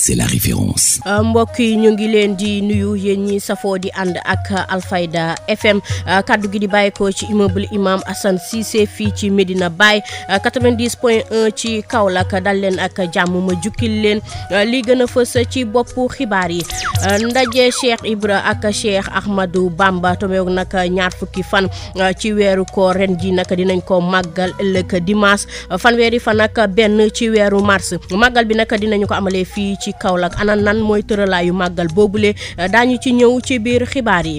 c'est la référence. Euh, mbokk yi ñu ngi leen di nuyu yéen ñi safoo di ànd ak Alfayda FM euh, kaddu gi di bàyyeekoo ci immeuble imam Assane Cissé fii ci Medina Baye 90 euh, point 1 ci Kaolack dal leen ak jàmm ma jukkil leen li gën a fës ci boppu xibaar yi ndaje Cheikh Ibra ak Cheikh Ahmadou Bamba tomeeg nag ñaar fukki fan ci weeru koor ren ji nag dinañ ko màggal ëllëg dimanche fanweeri fan ak benn ci weeru mars màggal bi nag dinañu ko amalee fii ci. ci Kaolack ana nan mooy tëralaayu màggal boobule daañu ci ñëw ci biir xibaar yi.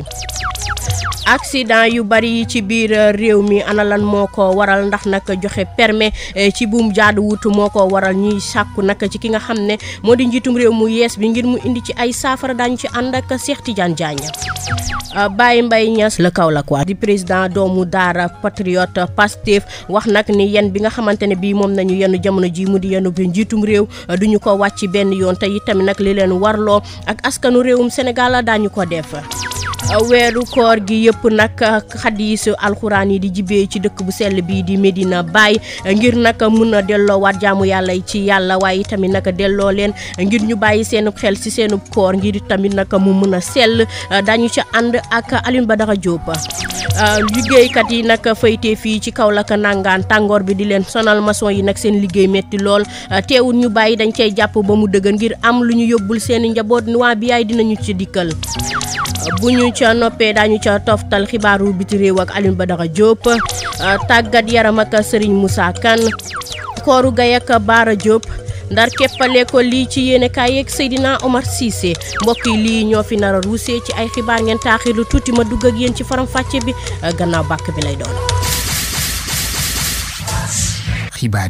accident yu bari yi ci biir euh, réew mi ana lan moo ko waral ndax nag joxe permet euh, ci buum wutu moo ko waral ñuy sàkku nag ci ki nga xam ne moo di njiitum réew mu yees bi ngir mu indi ci ay saafara daañu ci ànd ak Cheikh Tidiane Diagne euh, bàyyi mbay Niass la Kaolack waa di président doomu daara patriote Pastef wax nag ni yen bi nga xamante ne bii moom nañu yenn jamono ji mu di yenn bi njiitum réew duñu ko wàcc benn yoon te itamit nag li leen warloo ak askanu réewum Sénégal daañu ko def weeru koor gi yëpp nag xadiisu alxuraan yi di jibee ci dëkk bu sell bii di Medina Baye ngir nag mun a delloowaat jaamu yàlla ci yàlla waaye tamit nag delloo leen ngir ñu bàyyi seen xel ci seenu koor ngir tamit nag mu mun a sell dañu ci ànd ak Alioune Badara Diop. liggéeykat yi nag faytee fii ci kaw Kaolack nangaan tàngoor bi di leen sonal mason yi nag seen liggéey métti lool teewul ñu bàyyi dañ cay jàpp ba mu dëgër ngir am lu ñu yóbbul seen njaboot nuwaa bi yaay dinañu ci dikkal. bu ñu ca noppee daañu ca toftal xibaaru biti réew ak Alioune Badara Diop euh, tàggat yaram ak Serigne Moussa Kane kooru gay ak Baara Diop ndar keppale ko lii ci yéen kaay yeeg Seydina Omar Cissé mbokk yi lii ñoo fi nar a ruusee ci ay xibaar ngeen taaxilu tuuti ma dugg ak yéen ci faram-fàcce bi euh, gannaaw bàkk bi lay doon. xibaar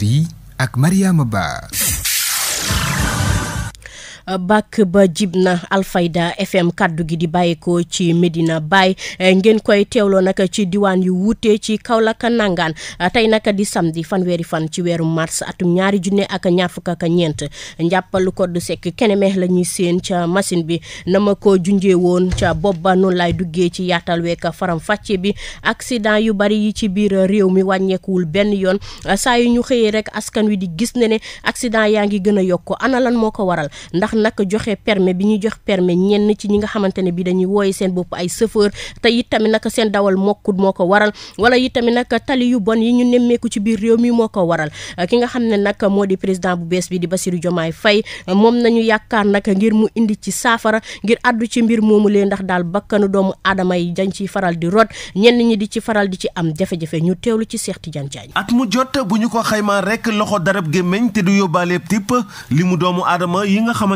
bàkk ba jib na Alfayda FM kàddu gi di bàyyeekoo ci Medina Baye eh, ngeen koy teewloo nag ci diwaan yu wuute ci Kaolack nangaan eh, tey nag di samedi fanweeri fan ci weeru mars atum ñaari junne ak ñaar ñeent njàppalu ko du sekk keneme la ñuy séen ca machine bi na ma ko junjee woon ca bopp ba noonu laay duggee ci yaatal week faram fàcce bi accident yu bari yi ci biir réew mi wàññeekuwul benn yoon eh, saa yu ñu xëyee rek askan wi di gis ne ne accident yaa ngi gën a yokk ana moo ko waral nag joxe permis bi ñu jox permis ñenn ci ñi nga xamante ne bi dañuy wooye seen bopp ay chauffeur te it tamit nag seen dawal mokkut moo ko waral wala it tamit nag tali yu bon yi ñu nemmeeku ci biir réew mi moo ko waral ki nga xam ne nag moo di président bu bees bi di Bassirou Diomaye fay moom nañu yaakaar nag ngir mu indi ci saafara ngir àddu ci mbir moomu lee ndax daal bakkanu doomu aadama yi dañ ciy faral di rot ñenn ñi di ci faral di ci am jafe-jafe ñu teewlu ci Cheikh Tidiane Diagne at mu jot bu ñu ko xaymaa rek loxo darab gémmeñ du yóbbaale tipp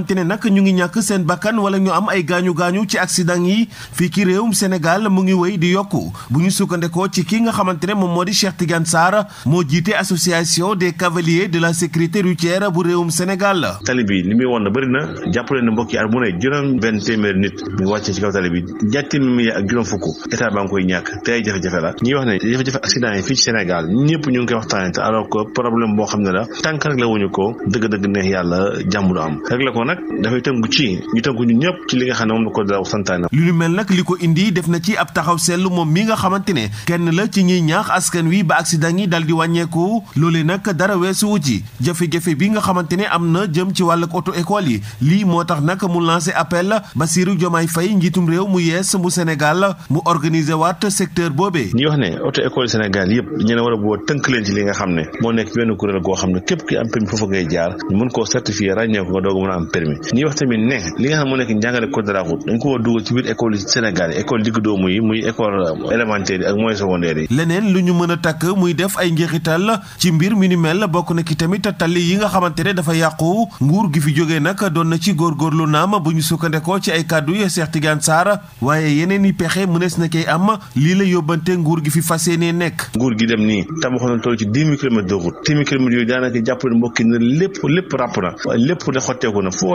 xamante ne ñu ngi ñàkk seen bakkan wala ñu am ay gaañu gaañu ci accident yi fii ci réewum Sénégal mu ngi woy di yokk bu ñu sukkandekoo ci ki nga xamante ne moom moo di Cheikh Tidiane Sarr moo jiite association de cavaliers de la sécurité routière bu réewum Sénégal. tali bi li muy woon na bëri na jàpp leen ne mbokk yi at mu ne juróom benn téeméeri nit ñu wàccee ci kaw tali bi ñetti milliards ak juróom fukk état baa ngi koy ñàkk te ay jafe-jafe la ñuy wax ne jafe-jafe accident yi fii ci Sénégal ñëpp ñu ngi koy waxtaanee alors que problème boo xam ne la tànk rek la wuñu ko dëgg-dëgg yàlla jàmm am nag dafay tënku ci ñu tënku ñun ñëpp ci li nga xam ne moom la ko daaw santaane. lu ñu mel nag li ko indi def na ci ab taxaw seetlu moom mi nga xamante ne kenn la ci ñiy ñaax askan wi ba accident yi dal di wàññeeku loolee nag dara weesuwu ci jafe-jafe bi nga xamante ne am na jëm ci wàllug auto école yi lii moo tax nag mu lancé appel Bassirou Diomaye fay njiitum réew mu yees mu Sénégal mu organiser waat secteur boobee. ñu wax ne auto école Sénégal yëpp ñu ne war a boo leen ci li nga xam ne moo nekk benn kuréel goo xam ne a mbir mi ñuy wax tamit ne li nga xam moo nekk njàngale code de la route dañ ko war a ci biir école yi Sénégal yi école digg doomu yi muy école euh, élémentaire yi ak moyen secondaire yi leneen lu ñu mën a takk muy def ay njeexital ci mbir mi ni mel bokk na ki tamit tali yi nga xamante ne dafa yàqu nguur gi fi jóge nag doon na ci naa ma bu ñu sukkandekoo ci ay kàddu yi Cheikh Tidiane Sarr waaye yeneen i pexe mënees na koy am lii la yóbbante nguur gi fi fas yéenee nekk nguur gi dem nii tabaxoon na toll ci dix mille kilomètres jàpp ne mbokki na lépp lépp ràpp na lépp ne na foo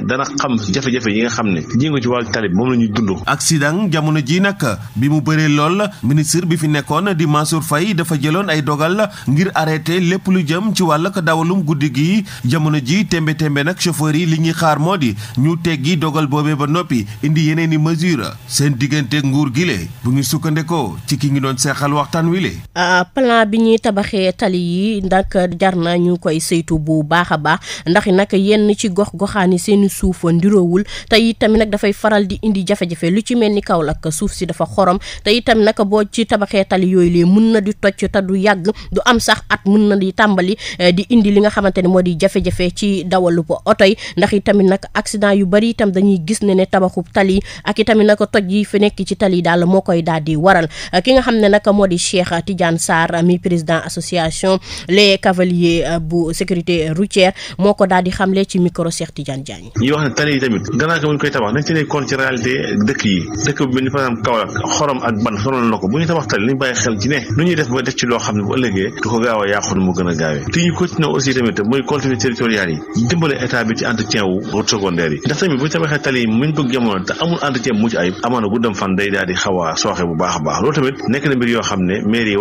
ne dana xam jafe-jafe yi nga xam ne jéngu ci wàllu tali bi moom la ñuy dund. accident jamono ji nag bi mu bëree lool ministre bi fi nekkoon di Mansour fay dafa jëloon ay dogal la ngir arrêté lépp lu jëm ci wàllug dawalum guddi gi jamono ji tembe tembe nag chauffeur yi li ñuy xaar moo di ñu teggi dogal boobee ba noppi indi yeneen i mesure seen digganteeg nguur gi le bu ñu sukkandekoo ci ki ngi doon seexal waxtaan wi le. plan bi ñuy tabaxee tali yi nag jar na ñu koy saytu bu baax a baax ndax nag yenn ci gox goxaani seen suuf ndiroowul te itam nag dafay faral di indi jafe-jafe lu ci mel ni Kaolack suuf si dafa xorom te itam nag boo ci tabaxee tali yooyu lee mun na di toj te du yàgg du am sax at mun na di tàmbali eh, di indi li nga xamante ne moo di jafe-jafe ci dawalu ba oto yi ndax itamit nag accident yu bari itam dañuy gis ne ne tabaxub tali ak itamit nag toj yi fi nekk ci tali daal moo koy daal di waral eh, ki nga xam ne nag moo di Cheikh Tidiane Sarr mi président association les cavaliers eh, bu sécurité routière moo ko daal di xamle ci micro Cheikh Tidiane Diagne ñuy wax ne tali yi tamit gannaaw ko ñu koy tabax nañ ci ne kon ci réalité dëkk yi dëkk bu mel ni par exemple Kaolack xorom ak ban sonal na ko bu ñu tabax tali nañ bàyyi xel ci ne nu ñuy def mooy collectivités territoriales yi dimbale état bi ci entretien wu route secondaire yi ndax tamit bu ñu tabaxee tali yi muñ bëgg jamono te amul entretien bu mucc ayib amaana bu dem fan day daal di xaw bu baax baax loolu tamit nekk na mbir yoo xam ne maire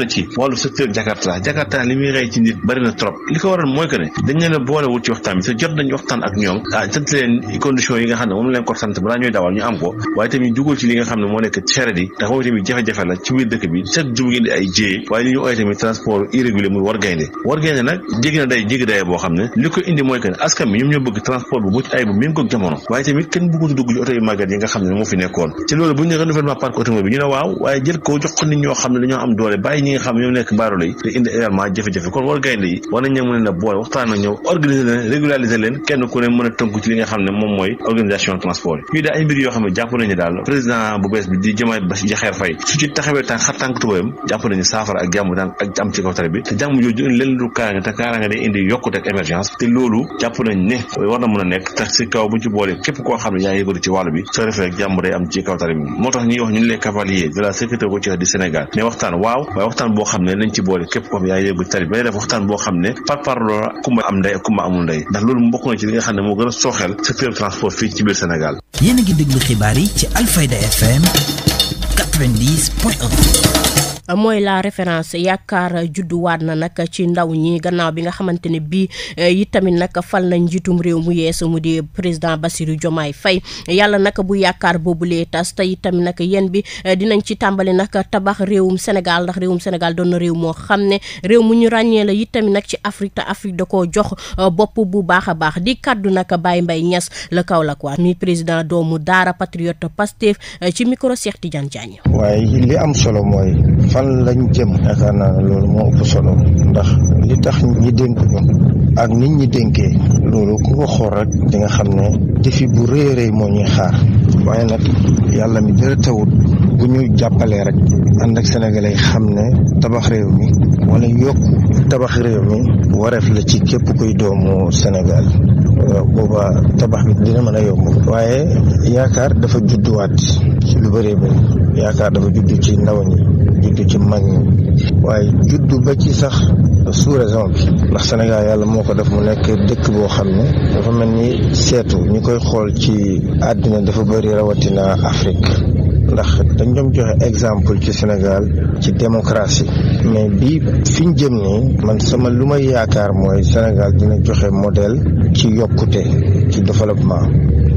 yi ci secteur Jakarta Jakarta li muy rey ci nit bari trop li ko waral mooy que ne dañ leen a boolewul ci waxtaan bi te jot nañ waxtaan ak ñoom waaye tamit kenn bëggut dugg ci oto yu màggat yi nga xam ne moo fi nekkoon ci loolu bu ñu ne renouvellement parc automobile bi ñu ne waaw waaye jël ko jox nit ñoo xam ne dañoo am doole bàyyi ñi nga xam ne nekk baadoolo yi di indi également jafe-jafe kon war gaynde yi war nañ ñoo mën a boole waxtaan ak ñoom organiser leen régulariser leen kenn ku ne mën a tënku ci li nga xam ne moom mooy organisation nañu daal président bu bi di Diomaye Diakhar Faye su ci taxawee tànk xar tànk tubayam jàpp nañu saafara ak jàmm daan ak am ci kaw tali bi te jàmm jooju leen du kaaraange te kaaraange day indi yokkute ak émergence te loolu jàpp nañ ne war na mën a nekk te si ne nañ ci boole képp koo yaay yëngu tari bi dañuy def waxtaan boo xam ne par par loola kumba am ndey ak kumba amul ndey ndax loolu mbokk na ci li nga xam ne moo gën a sooxeel secteur transport fii ci biir Sénégal. yéen a ngi déglu xibaar yi ci Alfayda FM mooy la référence yaakaar judduwaat na nag ci ndaw ñi gannaaw bi nga xamante ne bii eh, it tamit nag fal nañ njiitum réew mu yees mu di président Bassirou Diomaye fay yàlla nag bu yaakaar boobu lee tas te it tamit nag yéen bi eh, dinañ ci tàmbali nag tabax réewum Sénégal ndax réewum Sénégal doon na réew moo xam ne réew mu ñu ràññee la it tamit nag ci Afrique te Afrique da koo jox eh, bopp bu baax a baax di kàddu nag Baye Mbaye Niass la Kaolack waa mi président doomu Daara Patriote Pastef ci micro Cheikh Tidiane waaye li am fan lañ jëm yaakaar naa ne loolu moo ëpp solo ndax li tax ñi dénk ñu ak nit ñi dénkee loolu ku ko xool rek di nga xam ne défi bu rëy rëy moo ñuy xaar waaye nag yàlla mi dara tawut bu ñu jàppalee rek ànd ak sénégalais yi xam ne tabax réew mi yokk tabax réew mi wareef la ci képp kuy doomu Sénégal booba tabax bi dina mën a yomb waaye yaakaar dafa judduwaat ci lu bëree yaakaar dafa juddu ci ndaw ñi juddu ci mag ñi waaye juddu ba ci sax sous-région bi ndax Sénégal yàlla moo ko def mu nekk dëkk boo xam ne dafa mel ni seetu ñu koy xool ci àddina dafa bëri rawatina Afrique ndax dañ doom joxe exemple ci Sénégal ci démocratie mais bi fi ñu jëm nii man sama lu may yaakaar mooy Sénégal dina joxe modèle ci yokkute ci développement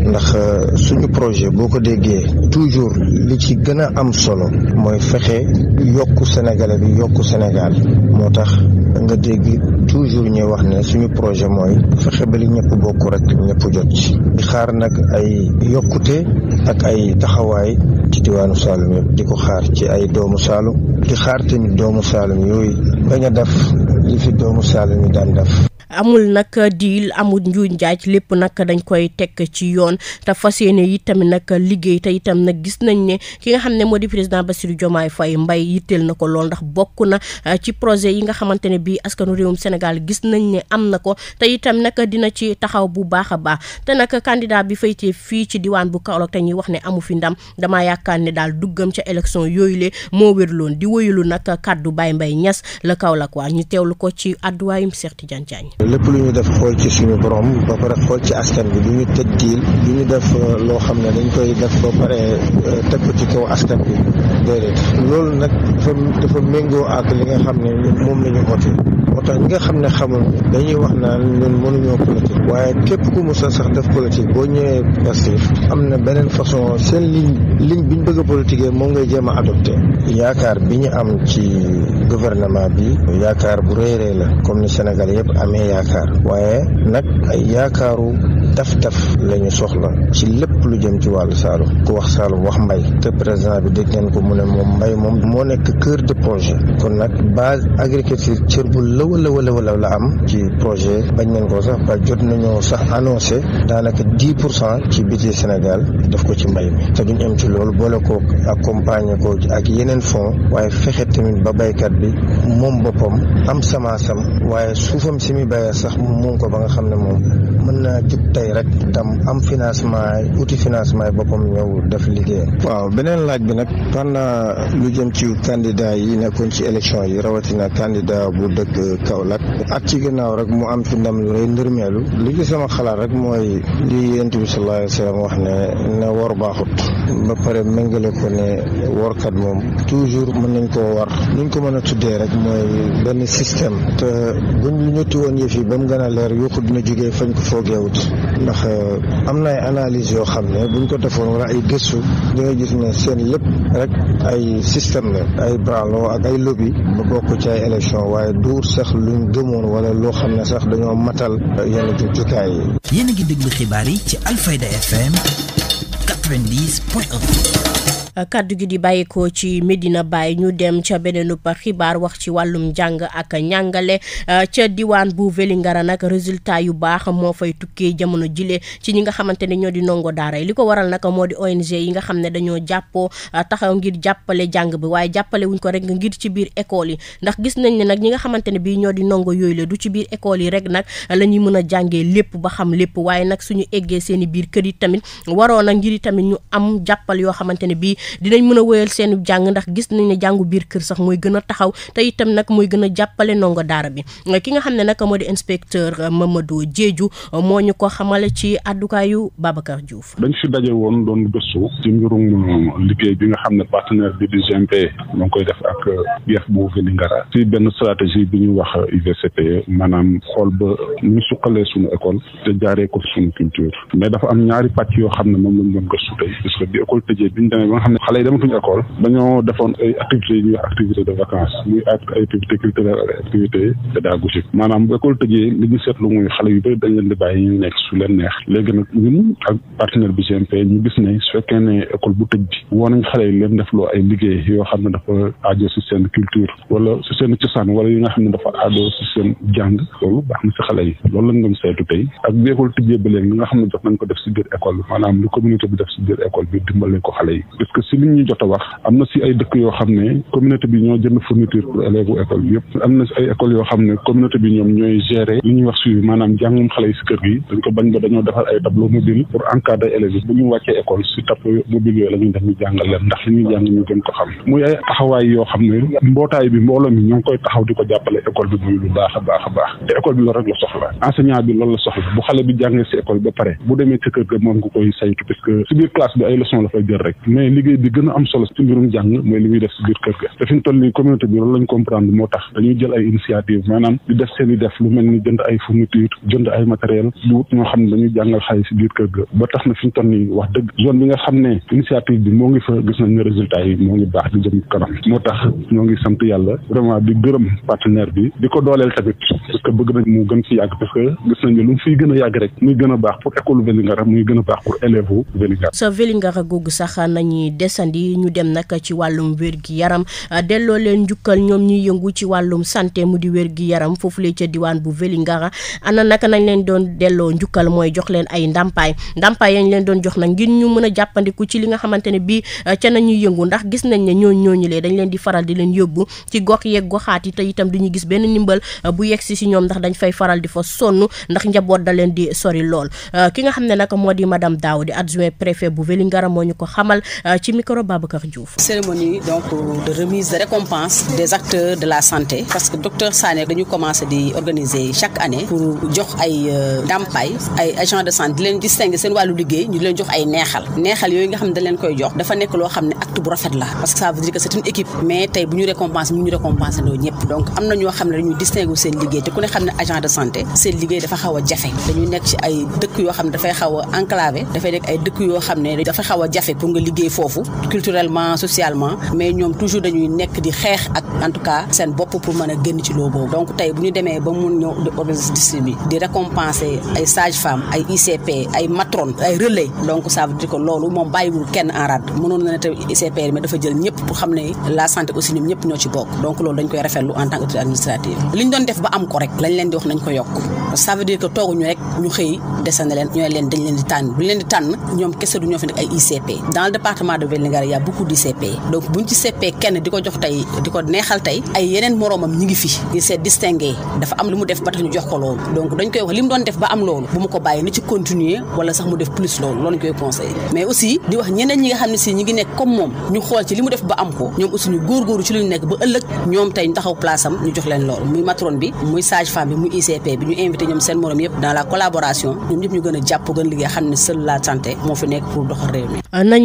ndax euh, suñu projet boo ko déggee toujours li ci gën a am solo mooy fexe yokku Sénégalais bi yokku Sénégal moo tax nga dégg toujours ñuy wax ne suñu projet mooy fexe ba li ñëpp bokk rek ñëpp jot ci. xaar nag ay yokkute ak ay taxawaay diwaanu Saalum yëpp di ko xaar ci ay doomu Saalum di xaar tamit doomu Saalum yooyu bañ a def li fi doomu Saalum yi daan def amul nag diil amul njuuj njaaj lépp nag dañ koy tekk ci yoon te fas yéene itamit tamit nag liggéey te itam nag gis nañ ne ki nga xam ne moo di président Bassirou Diomaye Faye Mbaye yitteel na ko lool ndax bokk na eh, ci projet yi nga xamante ne bii askanu réewum Sénégal gis nañ ne am na ko te itam nag dina ci taxaw bu baax a baax te nag candidat bi faytee fii ci diwaan bu Kaolack te ñuy wax ne amu fi ndam damaa yaakaar ne daal duggam ca élection yooyu le moo wérloon di woyulu nag kàddu Baye mbay ñas la Kaolack waa ñu teewlu ko ci adduwaayum àdduwaayum Cheikh Tidiane yi lépp lu ñu def xool ci suñu borom ba pare xool ci askan bi du ñu tëj diil du ñu def euh, loo xam ne dañ koy def ba pare euh, teg ko ci kaw askan bi déedéet loolu nag dafa dafa méngoo ak li nga xam ne moom la ñu oote moo tax ñi nga xam ne xamul dañuy wax naan ñun mënuñoo politique waaye képp ku musa sax def politique boo ñëwee Pastef am na beneen façon seen ligne liñ bi ñu bëgg a moom ngay jéem a adopté yaakaar bi ñu am ci gouvernement bi yaakaar bu réeree la comme ni Sénégal yëpp yaakaar waaye nag ay yaakaaru taf-taf lañu soxla ci lépp lu jëm ci wàllu Saalum ku wax Saalum wax mbay te président bi dégg ngeen ko mu ne moom mbay moom moo nekk kër de projet kon nag base agriculture cër bu lëwa lëwa la am ci projet bañ ngeen ko sax ba jot nañoo sax annoncé daanaka dix pour cent ci budget Sénégal def ko ci mbay mi te duñ am ci loolu boole ko accompagner ko ak yeneen fonds waaye fexe tamit ba baykat bi moom boppam am samaasam waaye suufam DER sax moom ko ba nga xam ne moom mën naa jug tey rek tam am financement outil financement yi mu ñëw def liggéeyam. waaw beneen laaj bi nag pendant lu jëm ci candidat yi nekkoon ci élection yi rawatina candidat bu dëkk Kaolack at ci ginnaaw rek mu am ci ndam lay ndërmeelu li sama xalaat rek mooy li yonent bi sallallahu alayhi wa sallam wax ne ne wor baaxut ba pare méngale ko ne workat moom toujours mën nañ koo war nuñ ko mën a tuddee rek mooy benn système yëf yi ba mu gën a leer yokku dina jógee fañ ko foogeewut ndax euh, am na ay analyse yoo xam ne buñ ko defoon wala ay gëstu di nga gis ne seen lépp rek ay système la ay branlo ak ay lobby ba bokk ci ay élection waaye duur sax luñ gëmoon wala loo xam ne sax dañoo matal yenn jumtukaay yi. yéen a ngi déglu xibaar yi ci Alfayda FM kaddu gi di bàyyeekoo ci Medina bàyyi ñu dem ca beneen xibaar wax ci wàllum njàng ak njàngale euh, ca diwaan bu Vélingara nag résultat yu baax moo fay tukkee jamono jile ci ñi nga xamante ne ñoo di ndongo daara yi li ko waral nag moo di ONG yi nga xam ne dañoo jàppoo euh, taxaw ngir jàppale jàng bi waaye jàppale wuñ ko rek ngir ci biir école yi ndax gis nañ ne nag ñi nga xamante ne bii ñoo di ndongo yooyu la du ci biir école yi rek nag euh, la ñuy mën a jàngee lépp ba xam lépp waaye nag suñu eggee seen i biir kër yi tamit waroon na ngir tamit ñu am jàppale yoo xamante ne bii dinañ mën a wéyal seen jàng ndax gis nañ ne jàngu biir kër sax mooy gën a taxaw te itam nag mooy gën a jàppale ndongo daara bi ki nga xam ne nag moo di inspecteur Mamadou Diédhiou moo ñu ko xamale ci àddukaayu Babacar Diouf. dañ fi daje woon doon gëstu ci mbirum liggéey bi nga xam ne partenaire bi di GMP moo ngi koy def ak IEF bu Vélingara ci benn stratégie bi ñu wax UVCP maanaam xool ba ñu suqalee suñu école te jaaree ko suñu culture mais dafa am ñaari pàcc yoo xam ne moom lañ doon gëstu tey parce que bi école tëjee bi ñu demee ba nga xam xam ne xale yi dematuñu école dañoo defoon ay activités yi ñuy wax activité de vacances muy activité culturelle activité maanaam bu école tëjee li seetlu muy xale yu bëri dañ leen di bàyyi ñu nekk su leen neex léegi nag ñun ak partenaire bi GMP ñu bu tëj bi woo nañ xale yi leen def loo ay liggéey yoo xam ne dafa aajo si seen culture wala si seen cosaan wala yi nga xam ne dafa aajo si seen jàng loolu baax na si xale yi loolu lañ nga xam ne jox nañ ko de si biir école bi maanaam lu communauté bi def si biir école bi dimbale ko xale yi si li jot a wax am na si ay dëkk yoo xam ne communauté bi ñoo jënd fourniture pour yëpp am na si yoo xam ne communauté bi ñoom ñooy gérer li ñuy wax suivi maanaam jàngum xale yi si kër gi dañ ko ba dañoo defar ay tableau mobile pour encadrer élèves yi bu ñu wàccee école si tableau mobile yooyu la ñuy def ñu jàngal ndax li ñuy jàng ñu gën ko xam muy ay taxawaay yoo xam ne mbootaay bi mbooloo mi ñoo ngi koy taxaw di ko jàppale école bi muy lu baax a baax a baax te école bi loolu rek la soxla enseignant bi loolu la soxla bu xale bi jàngee si école ba pare bu demee sa kër ga moom nga koy saytu parce que si biir ay la fay jël rek mais liggéey bi gën a am solo ci mbirum jàng mooy li muy def si biir kër ga te fi ñu nii communauté bi loolu lañ comprendre moo tax dañuy jël ay initiative maanaam di def seen def lu mel ni jënd ay fourniture jënd ay matériel di wut ñoo xam ne dañuy jàngal xale si biir kër ga ba tax na fi ñu toll nii wax dëgg zone bi nga xam ne initiative bi moo ngi fa gis nañ ne résultat yi moo ngi baax di jëm kanam moo tax ñoo ngi sant yàlla vraiment di gërëm partenaire bi di ko dooleel tamit bëgg nañ mu gën ci yàgg parce que nañ ne lu mu fiy gën a yàgg rek muy gën a baax pour école Vélingara muy gën a baax pour desandi ñu dem nag ci wàllum wér gi yaram ah, delloo leen njukkal ñoom ñuy yëngu ci wàllum santé mu di wér gi yaram foofu lee ca diwaan bu Vélingara ana naka nañ leen doon delloo njukkal mooy jox leen ay ndàmpaay ndàmpaay yañ leen doon jox nag ngir ñu mën a jàppandiku ci li nga xamante ne bii ah, ca nañuy yëngu ndax gis nañ ne ñooñ ñooñu lee dañ leen di faral di leen yóbbu ci gox yeeg goxaat yi te itam du ñu gis benn ndimbal ah, bu yegg si si ñoom ndax dañ fay faral di fa sonn ndax njaboot da leen di sori lool ki nga xam ne nag moo di madame Daouda adjoint préfet micro Babacar Diouf. cérémonie donc euh, de remise de récompense des acteurs de la santé parce que docteur Sané dañu commencé di organiser chaque année pour jox ay euh, ndàmpaay ay agents de santé di leen distinguer seen wàllu liggéey ñu di leen jox ay neexal neexal yooyu nga xam ne dañ leen koy jox dafa nekk loo xam ne acte bu rafet la parce que ça veut dire que c'est une équipe mais tey bu ñu récompense ñu ñu récompense ndoo ñëpp donc am na ñoo xam ne dañuy distinguer seen liggéey te ku ne xam ne agent de jafe dañu nekk ay dëkk yoo xam ne dafay xaw a enclavé dafay nekk ay yoo xam ne dafa xaw a jafe pour nga liggéey foofu culturellement socialement mais ñoom toujours dañuy nekk di xeex ak en tout cas seen bopp pour mën a génn ci loo boobu donc tey bu ñu demee ba mun ñëw di organiser di récompenser ay sage femme ay ICP ay matrone ay relais donc ça veut loolu moom bàyyiwul kenn en rade mënoon na ne tamit ICP mais dafa xam ne la santé aussi ñoom ñëpp ñoo ci bokk donc loolu dañ koy rafetlu en tant que autorité leen di wax nañ ko yokk ça veut dire que tooguñu rek ñu xëy desane leen dañ leen di tànn bu leen di tànn ñoom kese du ñoo fi nekk ay ICP dans le Nouvelle-Nigeria y a beaucoup de CP ci CP kenn di ko jox tey di ko neexal tey ay yeneen moroomam ñi ngi fi il s'est distingué dafa am lu mu def ba tax ñu jox ko loolu mu doon def ba am loolu bu mu ko bàyyi na ci continuer wala sax mu def plus loolu loolu lañ koy conseillé mais aussi di wax ñeneen ñi nga xam ne si ñi ngi nekk comme moom ñu xool ci li mu def ba am ko ñoom aussi ñu góorgóorlu ci lu ñu nekk ba ëllëg ñoom tey ñu taxaw place ñu jox leen loolu muy matron bi muy sage femme bi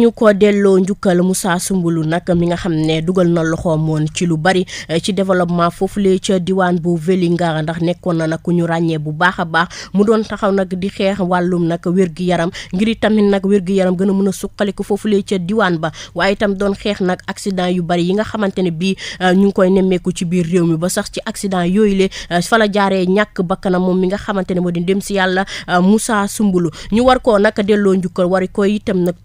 muy delloo njukkal Moussa Sumbulu nag mi nga xam ne dugal na loxoom woon ci lu bari eh, ci foofu foofulee ca diwaan bu Vélingara ndax nekkoon na nag ku ñu ràññee bu baax a baax mu doon taxaw nag di xeex wàllum nag wér-gu-yaram ngir itamit nag wér-gu-yaram gën a mën a suqaliku foofulee ca diwaan ba waaye itam doon xeex nag accident yu bari yi nga xamante ne bii eh, ñu ngi koy nemmeeku ci biir réew mi ba sax ci accident yooyu le eh, fa la jaaree ñàkk bakkanam moom mi nga xamante ne moo di dem si yàlla Moussa Sumbulu ñu war koo nag delloo njukkal war koy itam nag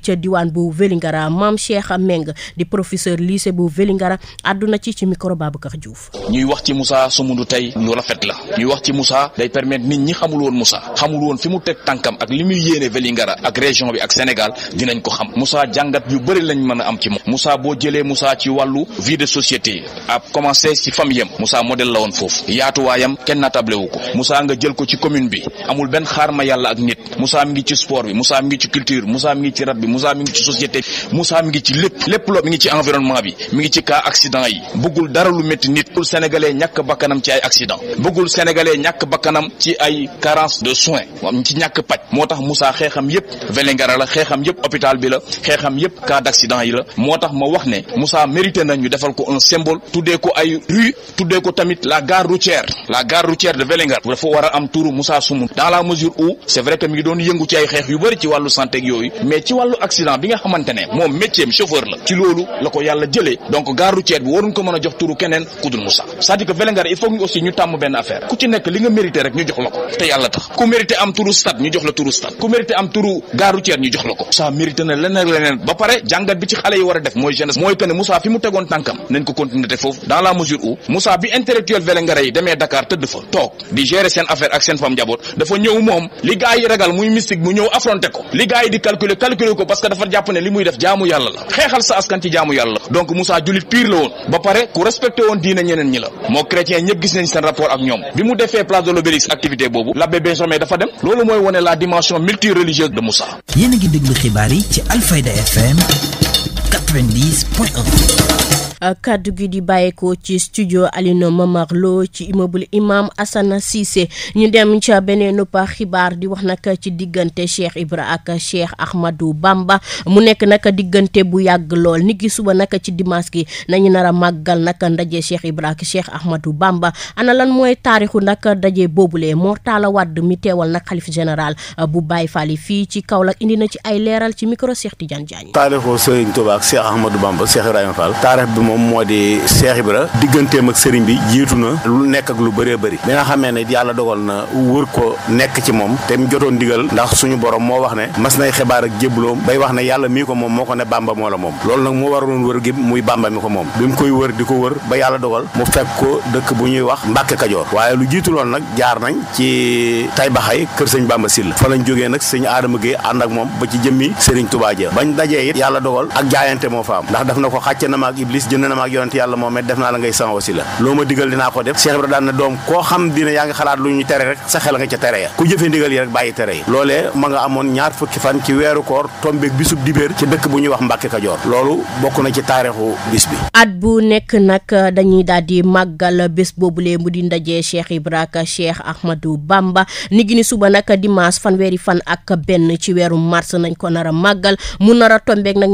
fële ca diwaan bu Vélingara maam Cheikh Meng di professeur lycée bu Vélingara àdduna ci ci micro a Diouf. ñuy wax ci Moussa Soumoundou tey lu rafet la ñuy wax ci Moussa day permettre nit ñi xamul woon Moussa xamul woon fi mu teg tànkam ak li muy yéene Vélingara ak région bi ak Sénégal dinañ ko xam Moussa jàngat yu bëri lañ mën a am ci moom Moussa boo jëlee Moussa ci wàllu vie de société a commencé ci famille am Moussa modèle la woon foofu yaatuwaayam kenn natable wu ko Moussa nga jël ko ci commune bi amul benn xaar ak nit Moussa mi ngi ci sport bi Moussa mi ngi ci culture bi Moussa mi ngi ci société Moussa mi ngi ci lépp lépp loo mi ngi ci environnement bi mi ngi ci cas accident yi bëggul dara lu métti nit bëggul sénégalais ñàkk bakkanam ci ay accident bëggul sénégalais ñàkk bakkanam ci ay carence de soins ci ñàkk paj moo tax Moussa xeexam yëpp Vélingara la xeexam yëpp hôpital bi la xeexam yëpp cas d' accident yi la moo tax ma wax ne Moussa mérité nañ ñu defal ko un symbole tuddee ko ay rue tuddee ko tamit la gare routière la gare routière de Vélingara dafa war am turu Moussa Soumoun dans la mesure où c' est vrai que mi ngi doon yëngu ci ay xeex yu bëri ci wàllu santé ak accident bi nga xamante moom métier chauffeur la ci loolu la ko yàlla jëlee donc gare routière bi waruñ ko mën a jox turu keneen ku dul Moussa cest à que Vélingara il faut ñu aussi ñu tàmm benn affaire ku ci nekk li nga mérité rek ñu jox la ko te yàlla tax ku mérité am turu stade ñu jox ñu jox la ko ça mérité na leneen leneen ba pare jàngat bi ci xale yi war a def mooy jeunesse mooy que ne fi mu tegoon tànkam nañ ko continuer foofu dans parce que dafa jàpp ne li muy def jaamu yàlla la xeexal sa askan ci jaamu yàlla la donc Moussa julit pire la woon ba pare ku respecté woon diine ñeneen ñi la moo chrétien ñëpp gis nañ seen rapport ak ñoom bi mu defee place de l'Obélisque activité boobu l'abbé Benjamin dafa dem loolu mooy wone la dimension multireligieuse de Moussa. yéen ngi déglu xibaar yi ci Alfayda FM 90 point 1. Euh, kàddu gi di bàyyeekoo ci studio Alioune Momar Lo ci immeuble imam Assane Cissé ñu dem ca beneen xibaar di wax nag ci diggante Cheikh Ibra ak Cheikh Ahmadou Bamba mu nekk nag diggante bu yàgg lool ni ki suba nag ci dimanche gi nañu nar a màggal nag ndaje Cheikh Ibra ak Cheikh Ahmadou Bamba ana lan mooy taarixu nag ndaje boobule Mor Talla Wade mi teewal nag xalif général euh, bu faal yi fii ci kaw Kaolack indi na ci ay leeral ci micro Cheikh Tidiane Diagne. taarixu Serigne Touba ak Cheikh Ahmadou Bamba Cheikh Ibrahima Fall taarix bi moom moo di Cheikh Ibra digganteem ak sëriñ bi jiitu na lu nekk ak lu bëree bëri bi nga xamee ne yàlla dogal na wër ko nekk ci moom te mu jotoon digal ndax suñu borom moo wax ne mas nay xibaar ak jébloom bay wax ne yàlla mii ko moom moo ko ne bàmba moo la moom loolu nag moo waraloon wër gi muy bàmba mi ko moom bi mu koy wër di ko wër ba yàlla dogal mu fekk ko dëkk bu ñuy wax Mbàkke Kajoor waaye lu jiitu loon nag jaar nañ ci tay baxay kër sëñ Bàmba Sylla fa lañ jógee nag sëñ Adama Gueye ànd ak moom ba ci jëmmi sëriñ Tuubaa ja bañ dajee it bind na ma ak yonent yàlla moom it def naa la ngay sama wasila loo ma digal dinaa ko def Cheikh Ibrahima daan na doom koo xam dina yaa ngi xalaat lu ñu tere rek sa xel nga ca tere ya ku jëfe ndigal yi rek bàyyi tere yi loolee ma nga amoon ñaar fukki fan ci weeru koor tombeeg na ci taarixu di màggal bés boobulee fan ak benn ci weeru mars nañ ko nar a màggal mu nar a tombeeg nag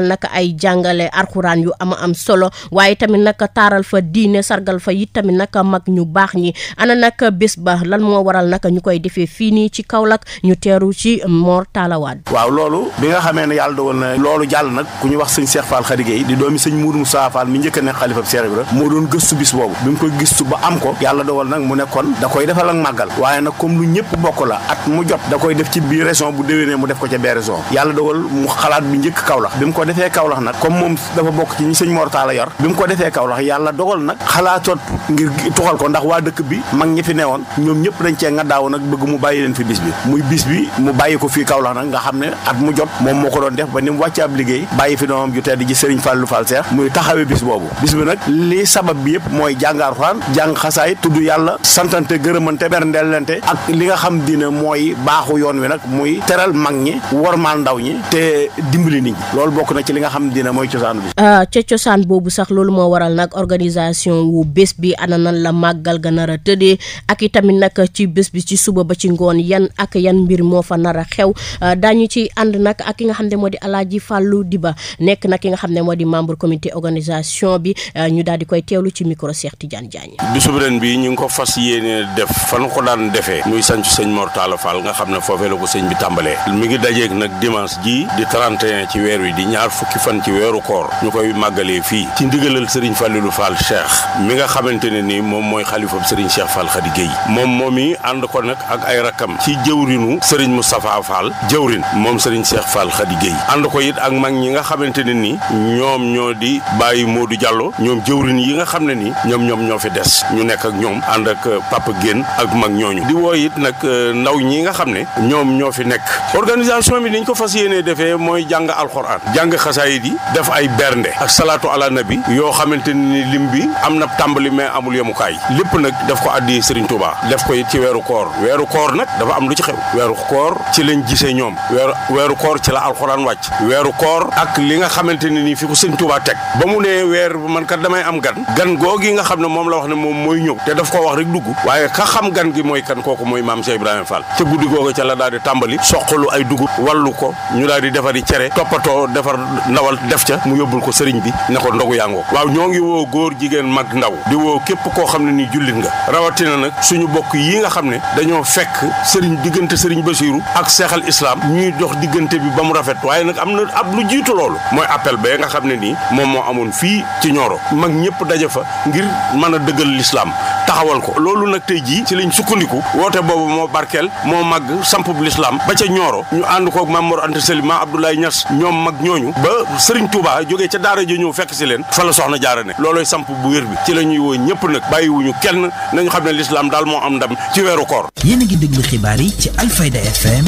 amal nag ay jàngale arxuraan yu ama am solo waaye tamit nag taaral fa diine sargal fa it tamit nag mag ñu baax ñi ana nag bés ba lan moo waral nag ñu koy defee fii nii ci Kaolack ñu teeru ci Mor Talla Wade waaw loolu bi nga xamee ne yàlla dogal na loolu jàll nag ku ñu wax sëñ Cheikh Fall Khady Gueye di doomi sëñ Mourou Moussa Fall mi njëkk a nekk xalifa Cheikh Ibra moo doon gëstu bis boobu bi mu koy gëstu ba am ko yàlla dogal nag mu nekkoon da koy defal ak màggal waaye nag comme ñëpp bokk la at mu jot da koy def ci biir région bu déwénee mu def ko ca bee région yàlla dogal mu xalaat bi njëkk Kaolack defee Kaolack nag comme moom dafa bokk ci ñi sëñ Mor Talla yor bi mu ko defee Kaolack yàlla dogal nag xalaatoot ngir tuxal ko ndax waa dëkk bi mag ñi fi ne woon ñoom ñëpp dañ cee nga daaw nag bëgg mu bàyyi leen fi bis bi muy bis bi mu bàyyi ko fii Kaolack nag nga xam ne at mu jot moom moo ko doon def ba ni mu wàcce ab liggéey bàyyi fi doomam ju tedd ji Serigne Fallou Fall Cheikh muy taxawee bis boobu bis bi nag li sabab bi yëpp mooy jàng Alxuraan jàng xasaay tudd yàlla santante gërëmante berndelante ak li nga xam dina mooy baaxu yoon wi nag muy teral mag ñi wormaal ndaw ñi te dimbali nit na ci li nga xam dina mooy cosaan bi. Euh, ca cosaan boobu sax loolu moo waral nag organisation wu bés bi ana nan la màggal ga nar a tëddee ak itamit nag ci bés bi ci suba ba ci ngoon yan ak yan mbir moo fa nar a xew euh, daañu ci ànd nag ak ki nga xam ne moo di Alaaji Fàllu ba nekk nag ki nga xam ne moo di membre comité organisation bi euh, ñu daal di koy teelu ci micro Cheikh Tidiane Diagne. bisub bi ñu ngi ko fas yéene def fan ko daan defee muy sanc sëñ Mor Talla Fall nga xam ne foofee la ko sëñ bi tàmbalee mi ngi dajeeg nag dimanche ji di 31 ci weer wi di ñaar fukki fan ci weeru koor ñu koy màggalee fii ci ndigalal Serigne Fallilou Fall Cheikh mi nga xamante ne ni moom mooy xalifab Serigne Cheikh Fall Khady Gueye moom moom yi ànd ko nag ak ay rakkam ci jëwrinu Serigne Moustapha Fall jëwrin moom Serigne Cheikh Fall Khady ànd ko it ak mag ñi nga xamante ne ni ñoom ñoo di bàyyi Modou Diallo ñoom jëwrin yi nga xam ne ni ñoom ñoom ñoo fi des ñu nekk ak ñoom ànd ak papa génn ak mag ñooñu di woo it euh, ndaw ñi nga xam ne ñoom ñoo fi nekk organisation bi niñ ko fas yéenee defee mooy jàng jàng xasaayit yi def ay bernde ak salaatu ala nabi yoo xamante ni lim bi am na tàmbali mais amul yemukaay lépp nag daf ko addi Serigne Touba def ko it ci weeru koor weeru koor nag dafa am lu ci xew weeru koor ci lañ gisee ñoom weeru weeru koor ci la alxuraan wàcc weeru koor ak li nga xamante ne nii fi ko Serigne Touba teg ba mu ne weer bu man kat damay am gan gan googi nga xam ne moom la wax ne moom mooy ñëw te daf ko wax rek dugg waaye ka xam gan gi mooy kan kooku mooy maam Cheikh Ibrahima Fall ca guddi googu ca la daal di tàmbali soqalu ay dugub wallu ko ndawal def ca mu yóbbul ko sëriñ bi ne ko ndogu yaangoo waaw ñoo ngi woo góor jigéen mag ndaw di woo képp koo xam ne nii jullit nga rawatina nag suñu bokk yi nga xam ne dañoo fekk sëriñ diggante sëriñ Basiiru ak seexal islaam ñuy dox diggante bi ba mu rafet waaye nag am na ab lu jiitu loolu mooy appel ba nga xam ne nii moom moo amoon fii ci Nioro mag ñëpp daje fa ngir mën a dëggal lislaam taxawal ko loolu nag tey jii ci lañ sukkandiku woote boobu moo barkeel moo màgg sampub lislaam ba ca ñooro ñu ànd koog Maam Mor Anta Sali Maam Abdoulaye Niass ñoom mag ñooñu ba Serigne Touba jógee ca daara ji ñëw fekk si leen fa la soxna jaara ne looloy samp bu wér bi ci la ñuy woo ñëpp nag bàyyiwuñu kenn nañu xam ne lislaam daal moo am ndam ci weeru koor yéen a ngi déglu xibaar yi ci Alfayda FM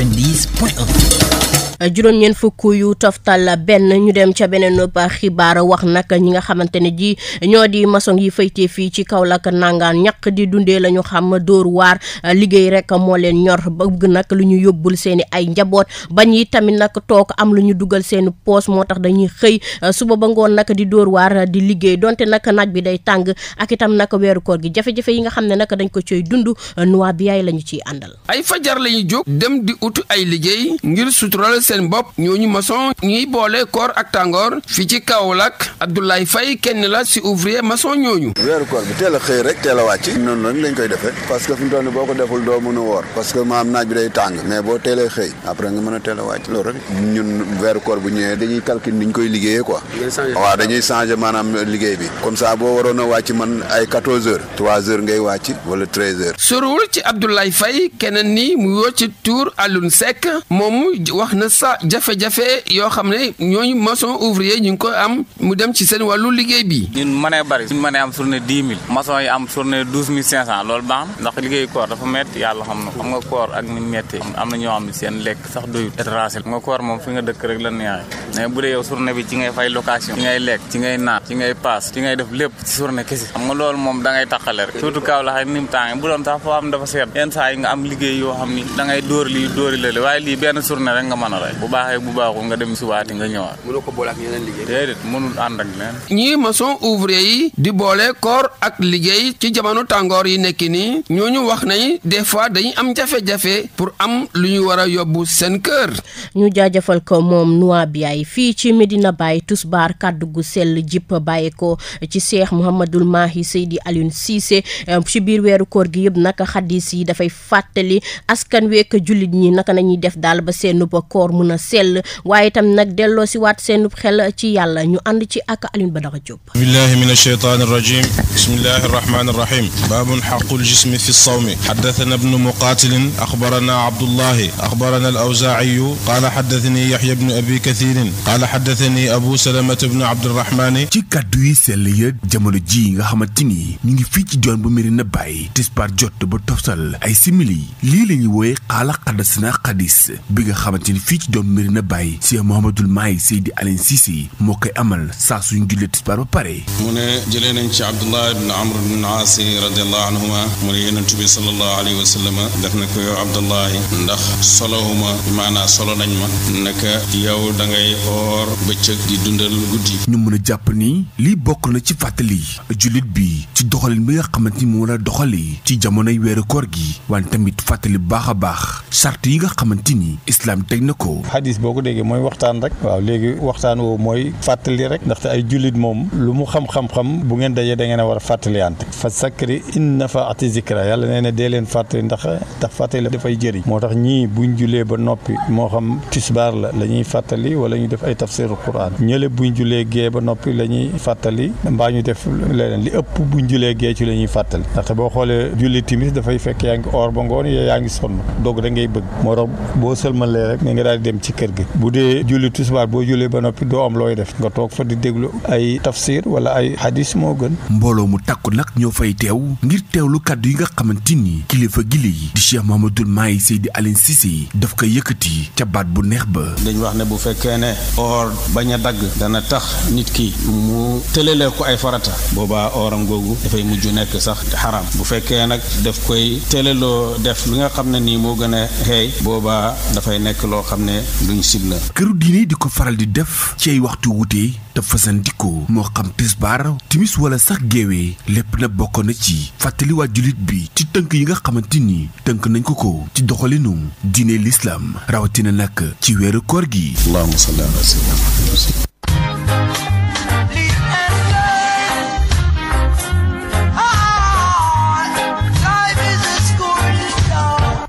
90 juróom-ñeent fukk yu toftal benn ñu dem ca beneen a xibaar wax nag ñi nga xamante ne ji ñoo di mason yi faytee fii ci Kaolack nangaan ñaq di dundee la ñu xam dóor waar liggéey rek moo leen ñor bëgg nag lu ñu yóbbul seen i ay njaboot bañ yi tamit nag toog am lu ñu dugal seen poos moo tax dañuy xëy suba ba ngoon nag di dóor waar di liggéey donte nag naaj bi day tàng ak itam nag weeru koor gi jafe-jafe yi nga xam ne nag dañ ko cay dund nuwaa bi yaay la ciy àndal ay fajar la jóg dem di ut ay liggéey ngir sutural seen bopp ñooñu maçon ñuy boole koor ak tàngoor fii ci Kaolack Abdoulaye Faye kenn la si ouvrier maçon ñooñu. weeru koor bi teel xëy rek teel a wàcc. noonu rek koy defee parce que fi mu toll nii boo ko deful doo mën woor parce que maam naaj bi day tàng mais boo teelee xëy après nga mën a teel wàcc loolu dañuy calcul maanaam liggéey bi comme ça boo waroon a wàcc man ay 14 heures 3 heures ngay wàcc wala 13 heures. sorowul ci Abdoulaye sa jafe-jafe yoo xam ne ñooñu maçon ouvrier ñu ngi koy am mu dem ci seen wàllu liggéey bi. ñun mënee bari ñun mënee am journée dix mille maçon yi am journée douze mille cinq cent loolu baax na ndax liggéeyu xam na xam nga koor ak am na ñoo xam ne seen lekk sax doyut étranger nga koor moom fi nga dëkk rek la neexee mais bu dee ngay lekk ci ngay naan ci ngay paas ci ngay def lépp ci journée kese loolu moom da ngay taqale rek surtout kaw la xay ni mu tàngee bu doon sax foo am dafa seet yenn saa yi nga am liggéey yoo xam ni da ngay dóor lii dóori la waaye lii benn journée rek nga mën a doxalee bu baaxee bu baaxul nga dem subaati nga ñëwaat. mënoo ko boole ak yeneen liggéey. déedéet mënul ànd ak leen. ñii maçon ouvrier yi di boole koor ak liggéey ci jamono tàngoor yi nekki nii ñu wax nañ des fois dañuy am jafe-jafe pour am lu ñu war a yóbbu seen kër. ñu jaajëfal ko moom nuwaa Noa Biaye fii ci Medina Baye Tisbaar kàddu gu sell jipp bàyyi ko ci Cheikh Mouhamadul Mahi Seydi alin Cissé euh, ci biir weeru koor gi yëpp naka xadis yi dafay fàttali askan wi ak jullit naka nañuy def daal ba seen ba mun a sell waaye itam nag delloo si waat seen xel ci yàlla ñu ànd ci ak Alioune Badara Diop. billahi min alsheytaan alrajim bismillahi arrahmani arrahim baabun xaqul jismi fi sawmi xaddathana bnu muqaatilin axbarana abdullahi axbarana alawzaaciyu qaala xaddathani yaxya bnu abi kathirin qaala xaddathani abu salamata bnu abdirahmani ci kàddu yi sell ya jamono ji nga xamante ni ñu ngi fii ci joon bu Medina Baye tisbaar jot ba toftal ay simili lii la ñuy wooye qaala xaddasana xadis bi nga xamante ci doom Médina Baye Cheikh Mouhamadoul Mahi Seydi Aline Cissé moo koy amal saa suñu jullee tisbaar ba pare mu ne jëlee nañ ci Abdullah ibn Amr ibn Aas radiallahu anhuma mu ne yonent bi sallallahu alayhi wa sallam def na ko yow Abdullahi ndax solowuma maanaa solo nañ ma naka yow da ngay oor bëccëg di dundal guddi ñu mën a jàpp nii lii bokk na ci fàttali jullit bi ci doxalin bi nga xamante ni moom la doxali ci jamonoy weeru koor gi wante tamit fàttali baax a baax sart yi nga xamante ni islaam teg na ko woowu xadis boo ko déggee mooy waxtaan rek waaw léegi waxtaan woowu mooy fàttali rek ndaxte ay jullit moom lu mu xam-xam-xam bu ngeen dajee da ngeen a war a fàttaliante fa sakkri in nafaati zikra yàlla nee na dee leen fàttali ndax ndax fàttali dafay jëriñ moo tax ñii buñ julee ba noppi moo xam tisbaar la la ñuy fàttali wala ñu def ay tafsiru quran ñële buñ julee gee ba noppi la ñuy fàttali mbaa ñu def leneen li ëpp buñ julee gee ci la ñuy fàttali ndaxte boo xoolee julli timis dafay fekk yaa ngi or ba ngoon yaa ngi dem ci kër gi bu dee julli tisbaar boo jullee ba noppi doo am looy def nga toog fa di déglu ay tafsir wala ay hadis moo gën mbooloo mu takku nag ñoo fay teew ngir teewlu kàddu yi nga xamante nii kilifa gile yi di Cheikh Mamadou Mahi Seydi Aline Cissé daf ko yëkkati ca baat bu neex ba dañ wax ne bu fekkee ne or bañ a dagg dana tax nit ki mu tëleleel ko ay farata boobaa oram googu dafay mujj nekk sax xaram bu fekkee nag daf koy tëleloo def li nga xam ne nii moo gën a xeey boobaa dafay nekk loo xam ne ne luñ sib këru diine di ko faral di def ci ay waxtu wuute te fasandikoo moo xam tisbaar timis wala sax géewee lépp na bokk na ci fàttali waa jullit bi ci tënk yi nga xamante ni tënk nañ ko ko ci doxalinu diine lislaam rawatina nakk ci weeru koor gi allahumma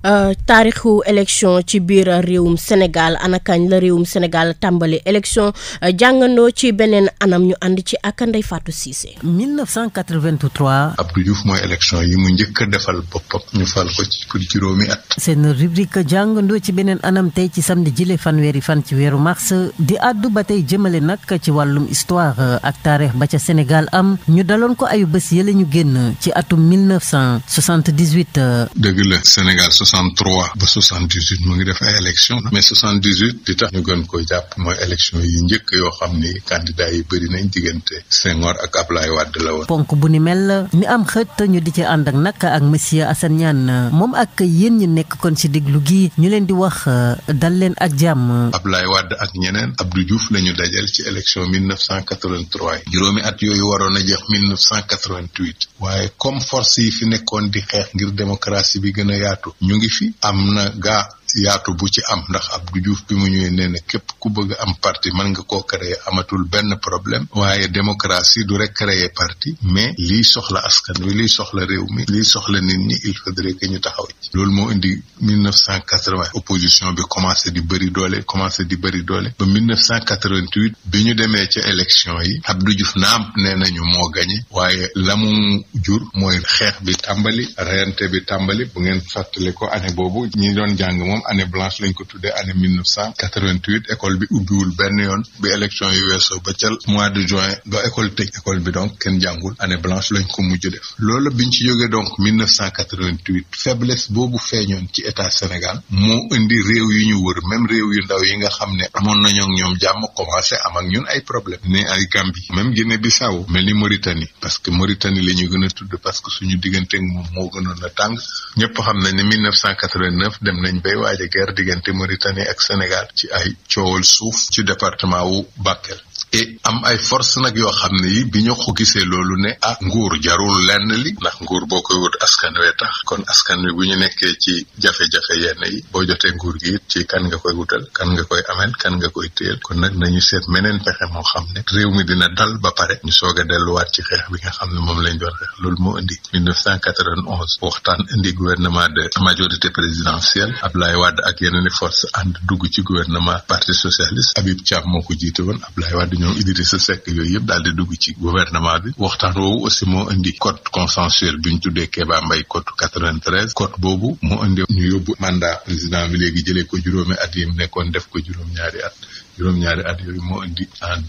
Euh, taarixu élection ci biir réewum Sénégal anakaañ la réewum Sénégal tàmbali élection euh, jàngandoo ci beneen anam ñu ànd ci ak Ndeye Fatou Cissé. 1983. Abdou Diouf mooy élection yi mu njëkk defal boppam ñu fal ko ci pour juróomi at. seen rubrique jàngandoo ci beneen anam tey ci samedi jile fanweeri fan ci weeru mars di àddu ba tey jëmale nag ci wàllum histoire euh, ak taarix ba ca Sénégal am ñu daloon ko ayu bés yële ñu génn ci atum 1978. dëgg la Sénégal 60. 63 ba 78 mu ngi def ay élection mais 78 tax ñu gën ko jàpp mooy élection yi njëkk yoo xam ni candidat yi bëri nañ diggante Senghor ak Ablaye Wade la woon. ponk bu ni mel mi am xët ñu di ci ànd ak nag ak monsieur Assane Niane moom ak yéen ñi nekk kon ci diglu gi ñu leen di wax dal leen ak jàmm. Ablaye Wade ak ñeneen Abdou du la ñu dajal ci élection 1983 juróomi at yooyu waroon a jeex 1988 waaye comme force yi fi nekkoon di xeex ngir démocratie bi gën a yaatu ñu ngi ngi fi am na ga yaatu bu ci am ndax Abdou Diouf bi mu ñëwee nee na képp ku bëgg am parti mën nga koo créer amatul benn problème waaye démocratie du rek créer parti mais liy soxla askan wi liy soxla réew mi liy soxla nit ñi il faudrait que ñu taxaw ci loolu moo indi 1980 opposition bi commencé di bëri doole commencé di bëri doole ba 1988 bi ñu demee ca élection yi du Abdou na am nee nañu moo gañe waaye la jur mooy xeex bi tàmbali reyante bi tàmbali bu ngeen fàttali ko année boobu ñi doon jàng moom année blanche lañ ko tuddee année 1988 école bi ubbiwul benn yoon bi élection yi weesoo ba cal mois de juin ba école tëj école bi donc kenn jàngul année blanche lañ ko mujj def loolu biñ ci jógee donc 1988 faiblesse boobu feeñoon ci état Sénégal moo indi réew yu ñu wër même réew yu ndaw yi nga xam ne amoon nañoo ñoom jàmm commencé am ak ñun ay problème ne ay Gambie même Guinée-Bissau mel ni Mauritanie parce que Mauritanie la ñu gën a tudd parce que suñu diggante ak moom moo gënoon a tàng ñëpp xam nañ ne de guerre diggante Mauritanie ak Sénégal ci ay coowal suuf ci département wu Bakel et am ay force nag yoo xam ne yi bi ñu ko gisee loolu ne a ah, nguur jarul lenn li ndax nguur boo koy wut askan wee tax kon askan wi bu ñu nekkee ci jafe-jafe yenn yi boo jotee nguur gi ci kan nga koy wutal kan nga koy amel kan nga koy téyel kon nag na ñu seet meneen pexe moo xam ne réew mi dina dal ba pare ñu soog a delluwaat ci xeex bi nga xam ne moom lañ doon xeex loolu moo indi 1991 waxtaan indi gouvernement de majorité présidentielle Ablaye Wade ak yeneen i force ànd dugg ci gouvernement parti socialiste Habib Thiam moo ko jiite Wade ñoom sa Seck yooyu yëpp daal di dugg ci gouvernement bi waxtaan woowu aussi moo indi code consensuel bi ñu tuddee Kéba Mbaye code 93 code boobu mo indi ñu yóbbu mandat président bi léegi jëlee ko juróomi at yi mu nekkoon def ko juróom ñaari at juróom-ñaari at yooyu moo indi en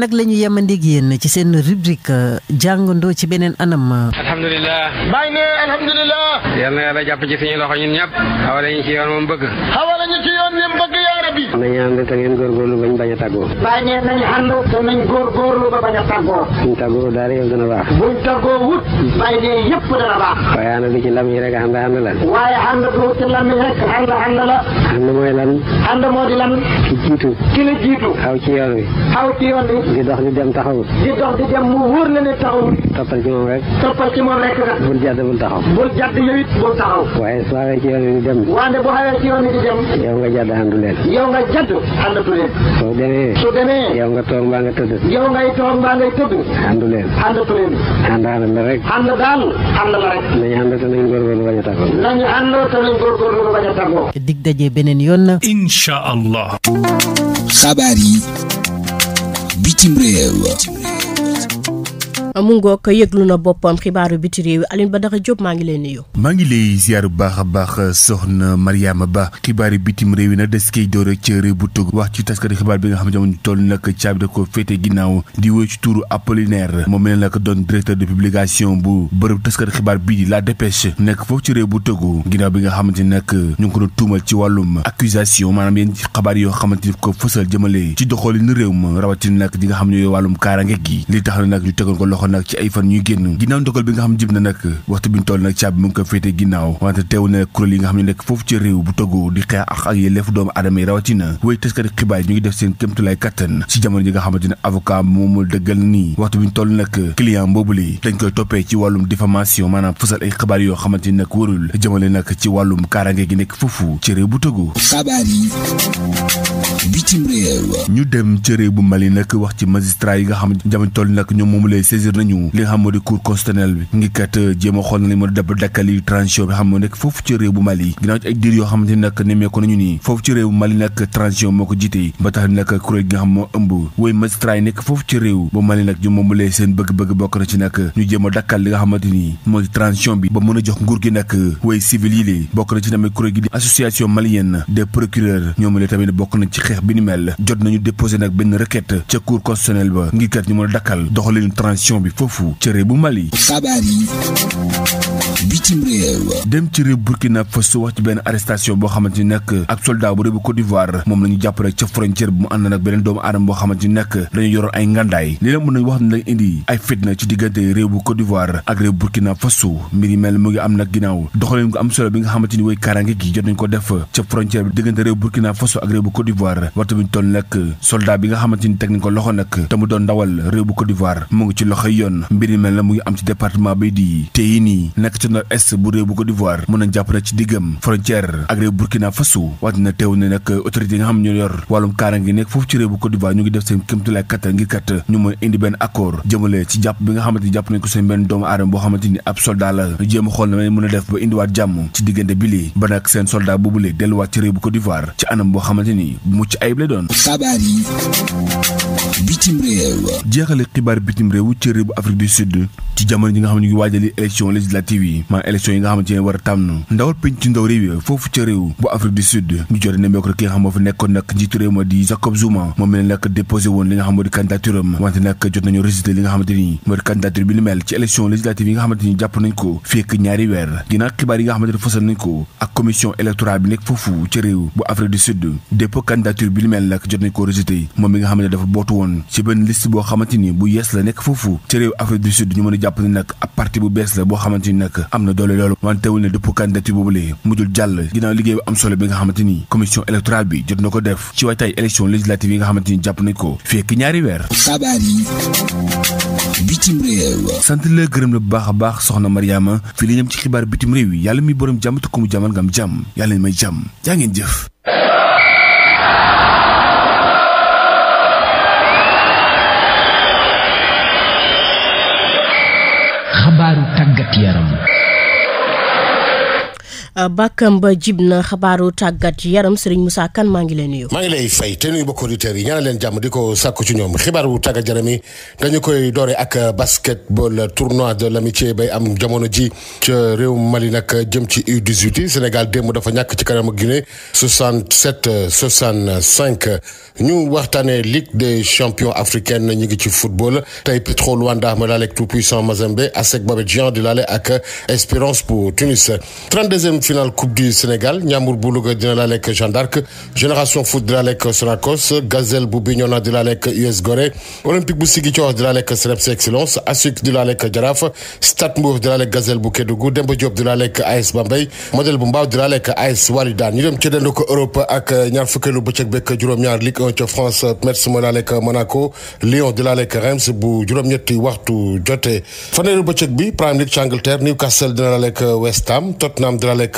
nag la ñu yemandig yéen ci seen rubrique euh, jàngandoo ci beneen anam. alhamdulilah. bàyyi ne yal na yàlla jàpp ci suñu loxo ñun ñëpp. xawala ñu ci yoon moom bëgg. xawala ñu ci yoon moom bëgg yaa rabbi. nañu ànd te ngeen góorgóorlu bañ bañ a tàggoo. bàyyi nañu ànd te nañ góorgóorlu ba bañ a tàggoo. buñ tàggoo daal yow dana baax. buñ tàggoo wut. ci lam rek ànd ànd la. waaye ànd du ci lam rek ànd ànd la. ànd mooy lan. te moo di lan. ki jiitu. ki la jiitu. xaw ci yoon wi. xaw ci yoon wi. di dox di dem taxawul. di dox di dem mu wóor la ne taxawul. toppal ci moom rek. toppal ci moom rek nga. bul jàdd bul taxaw. bul jàdd yow it bul taxaw. waaye su xawee ci yoon wi di dem. wante bu xawee ci yoon wi di dem. yow nga jàdd àndu leen. yow nga jàdd àndatu leen. soo demee. su demee. yow nga toog mbaa nga tëdd. yow ngay toog mbaa ngay tëdd. àndu leen. àndatu leen. ànd ànd la rek. ànd daal ànd la rek. nañu ànd te nañu góorgóorlu bañ a tàggoo. nañu ànd te nañu góorgóorlu bañ a tàggoo. dig daje beneen yoon na. incha incha allah. xabaar yi bitim réew. mu ngoog yëglu na boppam xibaaru biti réew yi Alioune Badara Diop maa ngi lay nuyu. maa ngi lay ziar bu baax a baax soxna Mariama Ba xibaaru bitim réew yi nag des koy door ci réew bu tugg wax ci taskati xibaar bi nga xam ne jamono toll nag caabi da ko féete ginnaaw di wéy ci tuuru Apollinaire moom mel nag doon directeur de publication bu bërëb taskati xibaar bii di La Dépêche nekk foofu ci réew bu tëggu ginnaaw bi nga xamante ne nag ñu ngi ko doon tuumal ci wàllum accusation maanaam yenn xabaar yoo xamante ni ko fësal jëmale ci doxalin réew ma rawatina nag nga xam ne yooyu wàllum kaarange gi li tax na nag ñu tegoon ko waxoon nag ci ay fan ñuy génn ginnaaw ndogal bi nga xam jib na nag waxtu bi ñu toll nag caabi ne nekk foofu ci réew bu Togo yi nag bu Togo xabaar yi bitim réew ñu dem ci réew bu Mali nag wax ci magistrat yi nga xam jamono toll nag ñoom moomu lay nañu li xam moo di cour constitutionnel bi ngi kat euh, jéem a na li moo di dab dakkali transition bi xam moo nekk foofu ci réew bu Mali ginnaaw ci ay diir yoo xamante ni nag nemmeeku nañu nii foofu ci réew bu Mali nag transition moo ko jiite ba tax nag kuréel gi nga xam moo ëmb woy magistrat nekk foofu ci réew bu Mali nag ñu moomulee seen bëgg-bëgg bokk na ci nag ñu jéem a dakkal li nga xamante transition bi ba mën a jox nguur gi nag woy civil yi lée constitution bi foofu ca bu Mali. xabaar yi bitim réew. dem ci réew Burkina Faso wax ci benn arrestation boo xamante ni nag ak soldat bu réew Côte d'Ivoire moom la ñu jàpp rek ca frontière bu mu ànd nag beneen doomu adama boo xamante ni nag dañu yoroon ay ngandaay li la mën nañ wax ne lañ indi ay fitna ci diggante réew bu Côte d'Ivoire ak réew Burkina Faso mbir yi mel mu ngi am nag ginnaaw doxalin gu am solo bi nga xamante ni way kaaraange gi jot nañ ko def ca frontière bi diggante réew Burkina Faso ak réew bu Côte d'Ivoire waxtu bi ñu bi nga xamante ni teg ko loxo nag te doon ndawal réew bu ñaari yoon mbir mel na mu ngi am ci département bi di te yi nii nekk ci nord est bu réew bu Côte d'Ivoire mën nañ jàpp na ci diggam frontière ak réew Burkina Faso wante na teew ne nag autorité nga xam ñoo yor wàllum kaaraange nekk foofu ci réew bu Côte d'Ivoire ñu ngi def seen kémtulaay kattan ngir ñu mën indi benn accord jëmale ci jàpp bi nga xamante jàpp nañ ko seen benn doomu aadama boo xamante ni ab soldat la ñu a xool na ma mën a def ba indiwaat jàmm ci diggante bi bitim xibaar bitim réew ci réew bu Afrique du Sud ci jamono ji nga xam ne ngi waajali élection législative yi maanaam élection yi nga xamante ne war a tànn ndawal penc ci ndaw réew yi foofu ca réew bu Afrique du Sud ñu jot ne meeko ki nga xam moo fi njiitu réew ma di Jacob Zuma moom mi ne nag déposé woon li nga xam moo di candidature wante nag jot nañu rejeté li nga xamante ni moo di candidature bi ni mel ci élection législative yi nga xam ne bootu woon ci benn liste boo xamante ni bu yees la nekk foofu ci réew Afrique du Sud ñu mën a jàpp ne nag ab parti bu bees la boo xamante ni nag am na doole loolu wantewul ne dëpp candidature boobulee mujjul jàll ginnaaw liggéey bu am solo bi nga xamante ni commission électorale bi jot na ko def ci waajtaay élection législative yi nga xamante ni jàpp nañ ko fekk ñaari weer sant la gërëm la bu baax a baax soxna Mariama fii la ñam ci xibaar bitim réew yi yàlla mi boroom jàmm te ku mu jàmmal ngam jàmm yàlla may jàmm jaa ngeen jëf Bakamba jib na xabaaru tàggat yaram Serigne Moussa maa ngi lay nuyu. maa ngi lay fay te nuyu mbokki auditeurs yi ñaanal leen jàmm di ko sàkku ci ñoom xibaaru tàggat yaram yi dañu koy doore ak basketball tournoi de l'amitié bay am jamono ji ca réew Mali nag jëm ci U18 yi Sénégal démb dafa ñàkk ci kanam Guinée 67 65 ñu waxtaanee Ligue des champions africaine ñu ngi ci football tey Petro Luanda ma laale ak tout puissant Mazembe ASEC Babédjian di laale ak Espérance pour Tunis 32 finale coupe du Sénégal Ndiambour bu Louga dina la lekk Jeanne d'Arc Génération Foot di la lekk Sonacos Gazelle bu Bignona di la lekk US Gorée Olympique bu Ziguinchor di la lekk CNEPS Excellence ASUC di la lekk Jaraaf Stade Mbour di la lekk Gazelle bu Kédougou Demba Diop di la lekk AS Bambey modèle bu Mbao di la lekk AS Walidane ñu dem ci dënd ko Europe ak ñaar fukkeelu bëccëg bekk juróom-ñaar Ligue 1 France Metz moo la lekk Monaco Lyon di la lekk Reims bu juróom-ñetti waxtu jotee faneelu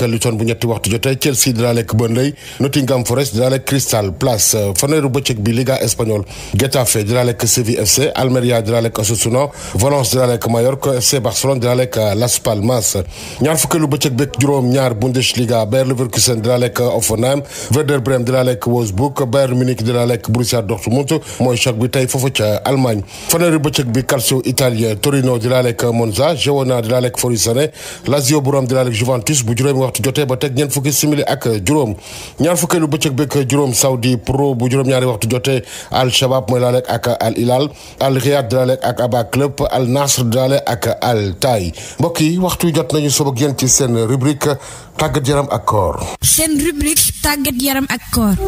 ak lu toon bu ñetti waxtu jotee Chelsea dinaa lekk Burnley Nottingham Forest Las Palmas ñaar fukkeelu bëccëg beeg juróom-ñaar Bundesliga Bayer Leverkusen dinaa lekk Hoffenheim Werder Bremen dinaa lekk Wolfsburg Bayern Munich dinaa lekk Borussia Dortmund mooy choc bi tey foofu ca Allemagne fanweeri bëccëg Calcio Italie Torino dinaa lekk Monza Genoa dinaa lekk Frosinone Lazio bu Rome dinaa lekk Juventus waxtu jotee ba teg ñeent fukki simili ak juróom ñaar fukkeelu bëccëg bekk juróom Saudi Pro bu juróom-ñaari waxtu jotee Al Shabab mooy laale ak Al Hilal Al Riyad di laale ak a Club Al Nasr di ak Al Tay mbokk yi waxtu jot nañu sob ak yéen ci seen rubrique tàggat yaram ak koor. seen rubrique tàggat yaram ak koor.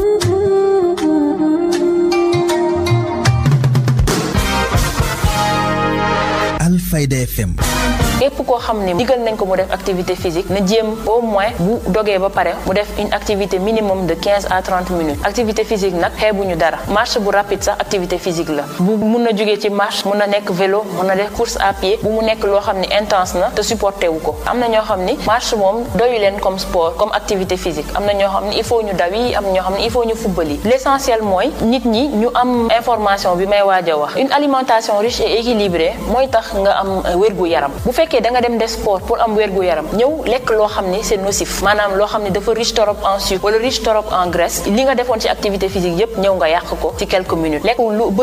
képp koo xam ne digal nañ ko mu def activité physique na jéem au moins bu dogee ba pare mu def une activité minimum de 15 à 30 minutes activité physique nag xeebuñu dara marche bu rapide sax activité physique la bu mun na jógee ci marche mun na nekk vélo mun na def course à pied bu mu nekk loo xam ne intense na te supporté wu ko am na ñoo xam ni marche moom doyu leen comme sport comme activité physique am na ñoo xam ne il faut ñu daw yi am na ñoo xam ne il faut ñu football yi l'essentiel mooy nit ñi ñu am information bi may waaj wax une alimentation riche et équilibrée mooy tax nga am euh, wér yaram fekkee da nga dem def sport pour am gu yaram ñëw lekk loo xam ni c'est nocif maanaam loo xam ni activité physique yépp ñëw nga yàq ko ci quelques minutes loolu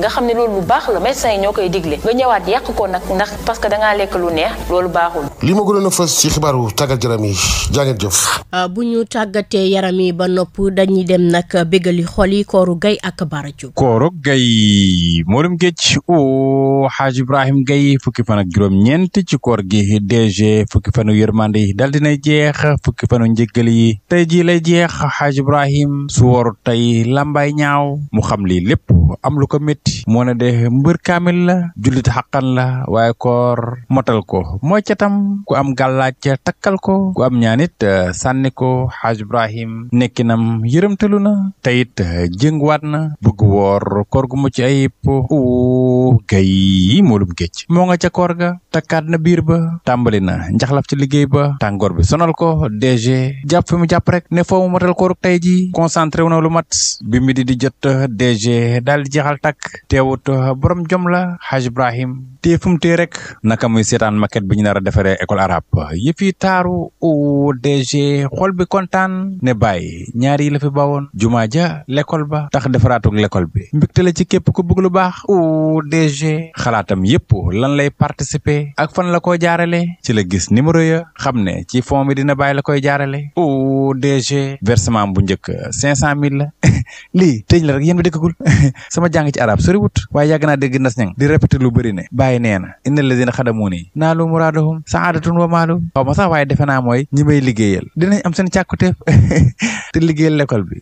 da nga ne loolu lu baax la médecin yi ñoo koy digle nga ñëwaat yàq ko nag ndax parce que da ngaa lekk lu neex loolu baaxul. li ma gënoon a fës ci xibaaru tàggat yaram yi jaa ngeen ah, bu ñu tàggatee yaram yi ba nopp dañuy dem nag bégali xol kooru gay ak baara tey Moroum Géej o Xaaj Ibrahim Gaye fukki fan ak juróom-ñeent ci koor gi DG fukki fanu yërmande yi dal dinay jeex fukki fanu njëggal yi tey jii lay jeex Xaaj Ibrahim su waru tey lambay ñaaw mu xam li lépp am lu ko métti moo de mbër kaamil la jullit xaqan la waaye koor motal ko mooy ca ku am gàllaaj takkal ko ku am ñaanit euh, sànni ko Xaaj Ibrahim nekkinam yërëmtalu na teyit euh, jëngwaat na bëgg woor ko koor gu mucc ayib gay moolum géej moo ca koor ga takkaat na biir ba tàmbali na njaxlaf ci liggéey ba tàngoor bi sonal ko DG jàpp fi mu jàpp rek ne foo mu ko kooruk tey ji concentré wu na lu mat bi midi di jot DG daal di jeexal takk teewut borom jom la Haj Ibrahim tée fu mu tee rek naka muy seetaan maquette bi ñu nar a defaree école arabe yëf yi taaru o DG xol bi kontaan ne bàyyi ñaari yi la fi bawoon ja l'école ba tax defaraatuk l'école bi mbégte jëmale ci képp ku bëgg lu baax DG xalaatam yépp lan lay participer ak fan la ko jaarale ci la gis numéro ya xam ne ci fond bi dina bàyyi la koy jaarale DG versement bu njëkk cinq cent mille la li tëj la rek yéen ba dëkkagul sama jàng ci arab soriwut waaye yàgg naa dégg nas ñang di répété lu bëri ne bàyyi nee na inna lazina xadamuun yi naalu muraadahum saadatun wa maalum xaw sax waaye defe naa mooy ñi may liggéeyal dinañ am seen te liggéeyal l'école bi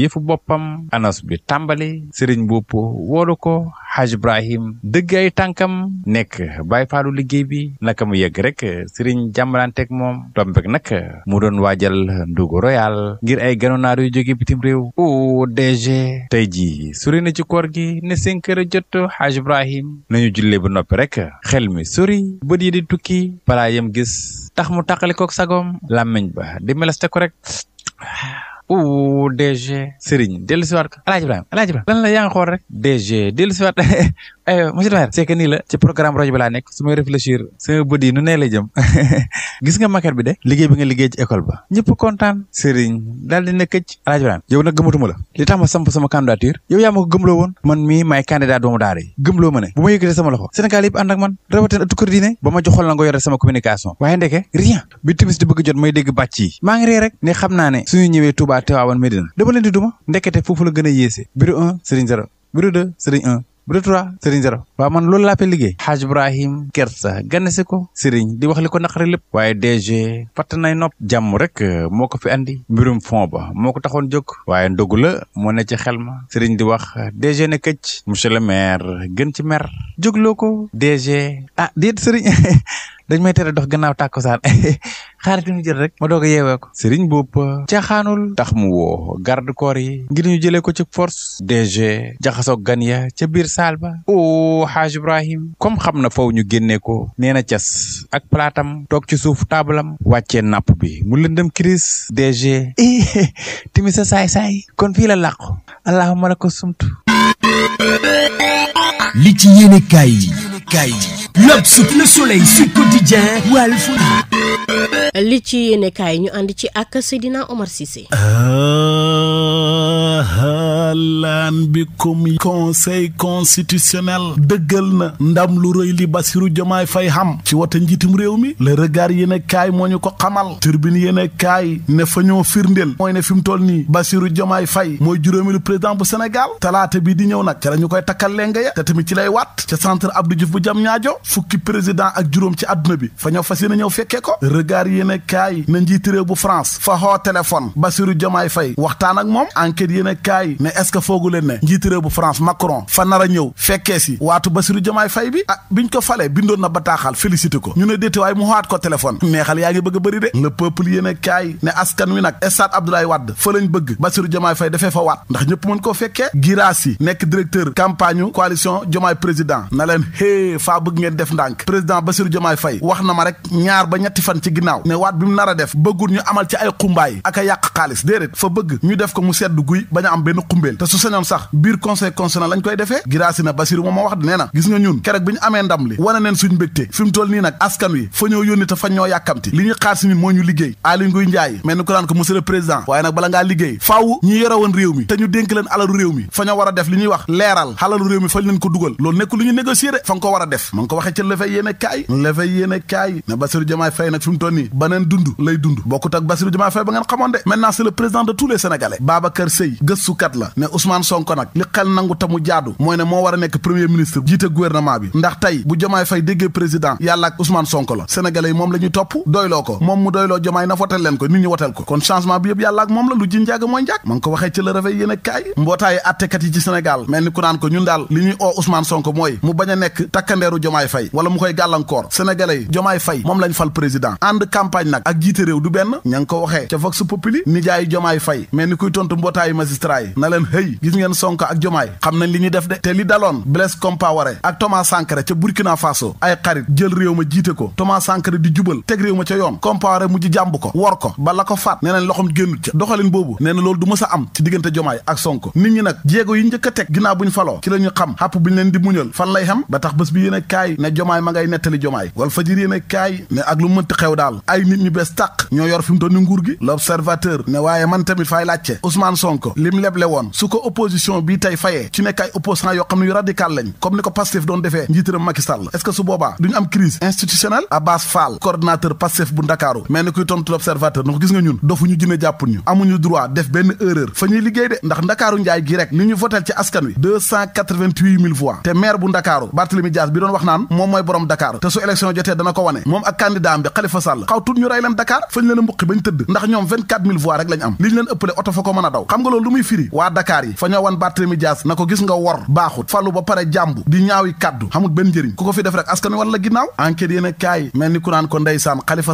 yëfu boppam anas bi tàmbali sëriñ bopp woolu ko Haj Ibrahim dëgg ay tànkam nekk bàyyi faalu liggéey bi naka mu yegg rek sëriñ jàmbalanteeg moom tombek nag mu doon waajal ndugu royal ngir ay ganonaar yu jóge bitim réew o DG tey jii sori na ci koor gi ne seen kër a jot Haj Ibrahim nañu jullee ba noppi rek xel mi sori bët yi di tukki balaa yem gis tax mu tàqalikook sagoom làmmiñ ba di meleste ko rek u DG Serigne dellusiwaat ko El Hadj Ibrahima El Hadj lan la yaa ngi xool rek DG dellusiwaat aywa monsieur le maire c'est la ci programme rajo bi nekk su may réfléchir sama bët yi nu nee la jëm gis nga maquette bi de liggéey bi nga liggéey ci école ba ñëpp kontaan Serigne daal di nekk ci rajo bi laan la li tax ma samp sama candidature yow yaa ma ko gëmloo man mii maay candidat doomu daara yi gëmloo ma ne bu ma yëkkatee sama loxo Sénégal yëpp ànd ak man rawatina ëttu kër diine ba ma joxoon la nga yore sama communication waaye ndeke rien bi timis di naa ne suñu ñëwee Touba Tivaouane Medina dama leen di foofu la gën a yéese bureau un Serigne zéro bu dee trois sëriñ zéro waaw man loolu laa fay liggéey xaaj Ibrahim kersa ganesi ko sëriñ di wax li ko naqari lépp waaye DG fatt nay nopp jàmm rek euh, moo ko fi andi mbirum fond ba moo ko taxoon jóg waaye ndogu la moo ne ci xel ma sëriñ di wax DG ne këcc monsieur le maire gën ci mer jógloo ko DG ah déet sëriñ dañ may tere dox gannaaw tàkkusaan xaaral ñu jël rek ma doog a yeewee ko Serigne Bopp caaxaanul tax mu woo garde corps yi ngir ñu jëlee ko ci force DG jaxasoo gan ya ca biir saal ba o Haaj Ibrahim comme xam na foow ñu génnee ko nee na cas ak palaatam toog ci suuf taabalam wàcce napp bi mu lëndëm crise DG timi sa saay-saay kon fii la làqu allahumma la ko sumtu li ci yéene kaay yi L'Obs, Le Soleil, Sud Quotidien, Walf li ci yéenekaay ñu ànd ci ak Seydina Omar Cissé lan bi comme conseil constitutionnel dëggal na ndam lu rëy li Bassirou Diomaye Faye xam ci wote njiitum réew mi le regard kaay moo ñu ko xamal turbine yéenekaay ne fa ñoo firndeel mooy ne fi mu toll nii Bassirou Diomaye Faye mooy juróomeelu président bu Sénégal talaata bii di ñëw nag ca la ñu koy takkal lenga ya te tamit ci lay wat ca centre Abdou bu jam ñaajo fukki président ak juróom ci àdduna bi fa ñoo fas yéene ñëw fekkee ko regard yéene kaay na njiiti réew bu France fa xoo téléphone Bassirou Diomaye Faye waxtaan ak moom enquête yéene kaay ne est-ce que foogu leen ne njiiti réew bu France Macron fa nar a ñëw fekkee si waatu Bassirou Diomaye fay bi ah biñ ko falee bindoon na bataaxal félicité ko ñu ne déete waaye mu xawaat ko téléphone neexal yaa ngi bëgg a bëri de le peuple yéene kaay ne askan wi nag stade Abdoulaye Wade fa bëgg Bassirou Diomaye Faye dafee fa waat ndax ñëpp koo fekkee Girassi nekk directeur campagne coalition Diomaye président na leen hé faa def ndànk président Bassirou Diomaye Faye wax na ma rek ñaar ba ñetti fan ci ginnaaw ne waat bi mu nar a def bëggul ñu amal ci ay xumbaay ak a yàq xaalis déedéet fa bëgg ñu def ko mu sedd guy bañ a am benn xumbeel te su sañoon sax biir conseil constitutionnel lañ koy defee giraasi na Bassirou moom ma wax nee na gis nga ñun keroog bi ñu amee ndam li wane neen suñ mbégte fi mu toll nii nag askan wi fa ñoo yónni te fa ñoo yàkkamti li ñu xaar si ñun moo ñu liggéey Aly Ngouille Ndiaye mel ni ko naan ko monsieur le président waaye leen alalu réew mi fa a def li wax leeral alalu dugal loolu nekk lu ñu négocier fa nga ko war a def ko waxee ca Le Fay yéene kaay Le Fay ne Bassirou Diomaye dund lay dund bokkut ak Bassirou Diomaye Faye ba ngeen xamoon de maintenant c'est le président de tous les Sénégalais Babacar Seye la ne Ousmane Sonko moo war a nekk premier ministre jiite bi ndax tey bu Diomaye Faye déggee président yàlla ak Ousmane la Sénégalais moom la ñuy topp doyloo ko moom mu doyloo Diomaye na wotel leen ko nit ñi wotel ko kon changement bi yëpp yàlla ak moom la lu ji njàgg mooy attekat yi ci Sénégal mel ni ku ko ñun daal li ñuy oo Ousmane Sonko mooy mu bañ a nekk takkandeeru Diomaye Diomaye Faye wala mu koy gàllankoor sénégalais yi Diomaye Faye moom lañ fal président ànd campagne nag ak jiite réew du benn ña ngi ko waxee ca vox populi nijaayu Diomaye Faye mais ni kuy tontu mbootaayu magistrat na leen hëy gis ngeen Sonko ak Diomaye xam nañ li ñu def de te li daloon Blaise Compaoré ak Thomas Sankara ca Burkina Faso ay xarit jël réew ma jiite ko Thomas Sankara di jubal teg réew ma ca yoon Compaoré mujj jàmb ko wor ko ba la ko faat nee nañ loxom génnut ca doxalin boobu nee na loolu du mës am ci diggante Diomaye ak Sonko nit ñi nag jéego yi njëkk a teg ginnaaw buñ faloo ci la ñu xam xàpp buñ leen di muñal fan lay xam ba ne jomaay ma ngay nettali jomaay wal Fadjri a kaay ne ak lu mënti xew daal ay nit ñu bees tàq ñoo yor fi mu toll ni nguur gi l'observateur ne waaye man tamit fay laajte Ousmane Sonko lim leble woon su ko opposition bii tey fayee ci nekk ay opposant yoo xam ne yu radical lañ comme ni ko Pastef doon defee njiitaram Macky Sall est-ce que su boobaa duñu am crise institutionnelle Abbas Fall coordinateur Pastef bu Ndakaaru mais kuy tontu l'observateur na ko ñu liggéey de ndax Ndakaaru gi ñu votel ci askan wi 288 000 voix te maire bu Ndakaaru Barthélemy Dias bi doon moom mooy borom Dakar te su élection jotee dana ko wane moom ak candidat bi Khalifa Sall xaw tut ñu rey leen Dakar fañ leen a mbuqi bañ tëdd ndax ñoom 24000 voix rek lañ am liñ leen ëppale oto fa ko mën a daw xam nga loolu muy firi waa Dakar yi fa ñoo wan Barthélemy Dias na ko gis nga wor baaxut falu ba pare jàmbu di ñaawi kàddu xamul benn njëriñ ku ko fi def rek askan wi wala ginnaaw enquête yéen a kaay mel ni ku naan ko ndeysaan Khalifa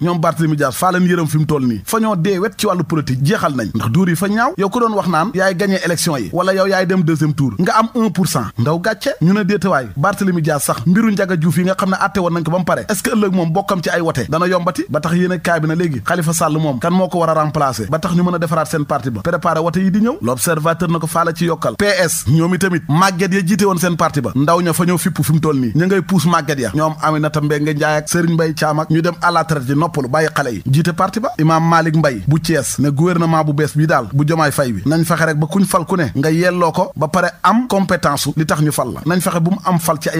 ñoom Barthélemy Dias faa leen nii fa ñoo dee wet ci wàllu politique jeexal nañ ndax duur yi fa ñaaw yow ko Barthélemy mbiru Ndiaga Diouf yi nga xam ne atte woon nañ ko ba mu pare est ëllëg moom bokkam ci ay wote dana yombati ba tax yéen kaay léegi Khalifa Sall moom kan moo ko war a remplacer ba tax ñu mën a defaraat seen parti ba préparé wote yi di ñëw l'observateur na ko faala ci yokkal PS ñoom itamit màgget ya jiite woon seen parti ba ndaw ña fa ñëw fippu fi mu nii ñu puus màgget ya ñoom Aminata Mbengue Ndiaye ak Serigne Mbaye Thiam ak ñu dem à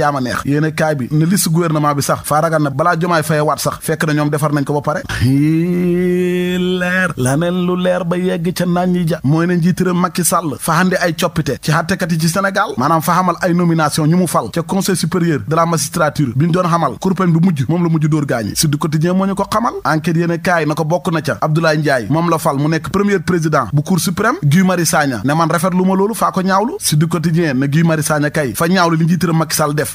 yaa ma neex yéen a kaay bi ne liste gouvernement bi sax faa ragal na balaa jomaay faye waat sax fekk na ñoom defar nañ ko ba pare leer la neen lu leer ba yegg ca naan ñi ja mooy ne njiitëram Macky Sall faxandi ay coppite ci àttekat yi ci Sénégal maanaam fa xamal ay nomination ñu mu fal ca conseil supérieur de la bi ñu doon xamal kurpeñ bi mujj moom la mujj dóor gaañi si du quotidien moo ñu ko xamal enquête yéen kaay na ko bokk na ca Abdoulaye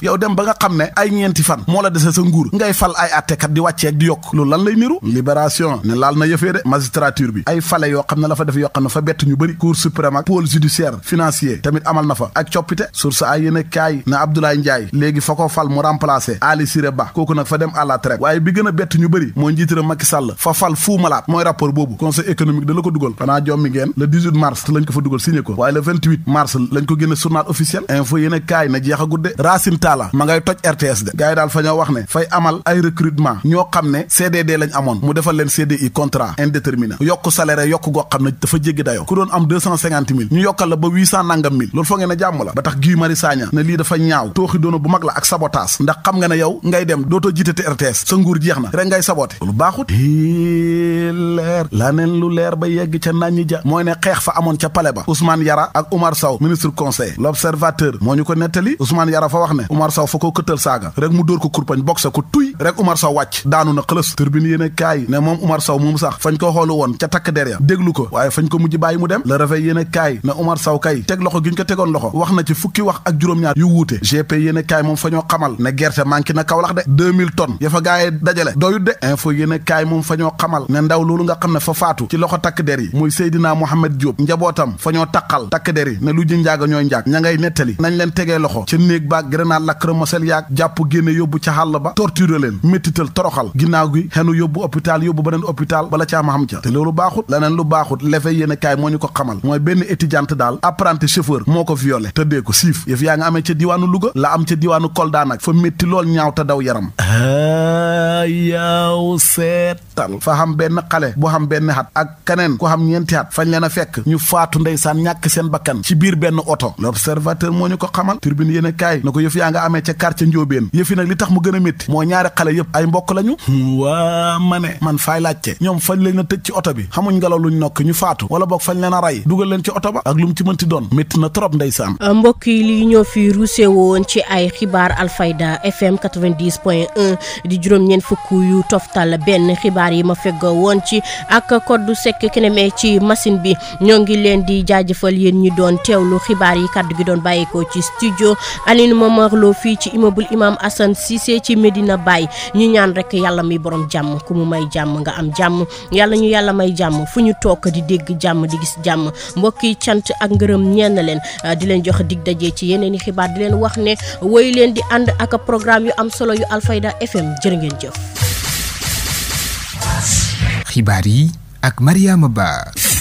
def yow dem ba nga xam ne ay ñeenti fan moo la dese sa nguur ngay fal ay attekat di wàcceeg di yokk loolu lan lay niru libération ne laal na yëfee de magistrature bi ay fale yoo xam ne la fa def yoo xam ne fa bett ñu bëri cour suprême ak pôle judiciaire financier tamit amal na fa ak coppite source ay yéen a kaay na Abdoulaye Ndiaye léegi fa ko fal mu remplacer Ali Siré Ba kooku nag fa dem à waaye bi gën a bett ñu bëri moo njiitara Macky Sall fa fal Fou Malade mooy rapport boobu conseil économique da la ko dugal xanaa jommi ngeen le 18 mars lañ a kaay a gudde taala ma ngay toj RTS de gars yi daal fa ñoo wax ne fay amal ay recrutement ñoo xam ne CDD lañ amoon mu defal leen CDI contrat indéterminé yokk salaire yokk goo xam ne dafa jéggi dayo ku doon am deux cent cinquante mille ñu yokkal la ba huit cent nangam mille loolu foo ngeen ne jàmm la ba tax lii dafa ñaaw tooxi doona bu mag la ak sabotage ndax xam nga ne yow ngay dem dootoo jiitati RTS sa nguur jeex na rek ngay saboté lu baaxut leer la neen lu leer ba yegg ca naññi ja mooy ne xeex fa amoon ca pale ba Ousmane Yara ak Oumar Sow ministre conseil l'observateur moo ñu ko nettali Ousmane Yara fa wax ne Umar Saw fa ko këttal saaga rek mu dóor ko kurpañ bokk sa ko tuy rek Umar Saw wàcc daanu na xëlës turbine yéen e kaay ne moom Umar Saw moom sax fañ ko xoolu woon ca takk der ya déglu ko waaye fañ ko mujj bàyyi mu dem le réveil yéen e ne Umar Saw kay teg loxo gi ñu ko tegoon loxo wax na ci fukki wax ak juróom-ñaar yu wuute gp yéen e moom fa ñoo xamal ne gerte manqué na Kaolack de 2000 tonnes ya fa gaayee dajale doyut de info yéen e kaay nga xam ne fa faatu ci loxo takk der yi muy Seydina Mohamed Diop njabootam fa ñoo taqal takk der yi lu ji njaaga ñooy njaag ña ngay nettali nañ leen tegee loxo ca néeg baag grenade lacrymogène yaag jàpp génne yóbbu ca xàll ba torture leen méttital toroxal ginnaaw gi xenu yóbbu hôpital yóbbu beneen hôpital bala caa ma xam ca te loolu baaxut leneen lu baaxut lefe yéen kaay moo ñu ko xamal mooy benn étudiante daal apprenti chauffeur moo ko violé tëddee ko siif yëf yaa nga amee ca diwaanu Louga la am ca diwaanu Kolda nag fa métti lool ñaaw te daw yaram yaaw seetal fa xam benn xale bu xam benn xat ak keneen ku xam ñeenti xat fañ leen fekk ñu faatu ndeysaan ñàkk seen bakkan ci biir benn oto l'observateur moo ñu ko xamal turbine yéen kaay yaa nga amee ca quartier Ndiobène yëfi nag li tax mu gën a métti moo ñaari xale yëpp ay mbokk lañu waa ma ne man faay laajte ñoom fañ leen a tëj ci oto bi xamuñ ngelaw luñ nokk ñu faatu wala boog fañ leen a rey dugal leen ci oto ba ak lu mu ci mënti doon métti na trop ndeysaan euh, mbokk yi li ñoo fi ruuse woon ci ay xibaar Alfayda FM 90 point 1 di juróom-ñeent fukk yu toftal benn xibaar yi ma feggo woon ci ak koddu sekk keneme ci machine bi ñoo ngi leen di jaajëfal yéen ñi doon teewlu xibaar yi kàddu gi doon bàyyeekoo ci loo fii ci immeuble imam Assane Cissé ci Medina Baye ñu ñaan rekk yàlla mi boroom jàmm ku mu may jàmm nga am jàmm yàlla ñu yàlla may jàmm fu ñu toog di dégg jàmm di gis jàmm mbokk yi cant ak ngërëm ñeen leen ah, di leen jox digg daje ci yeneen i xibaar di leen wax ne woy leen di ànd ak programme yu am solo yu Alfayda FM jërë ngeen jëf.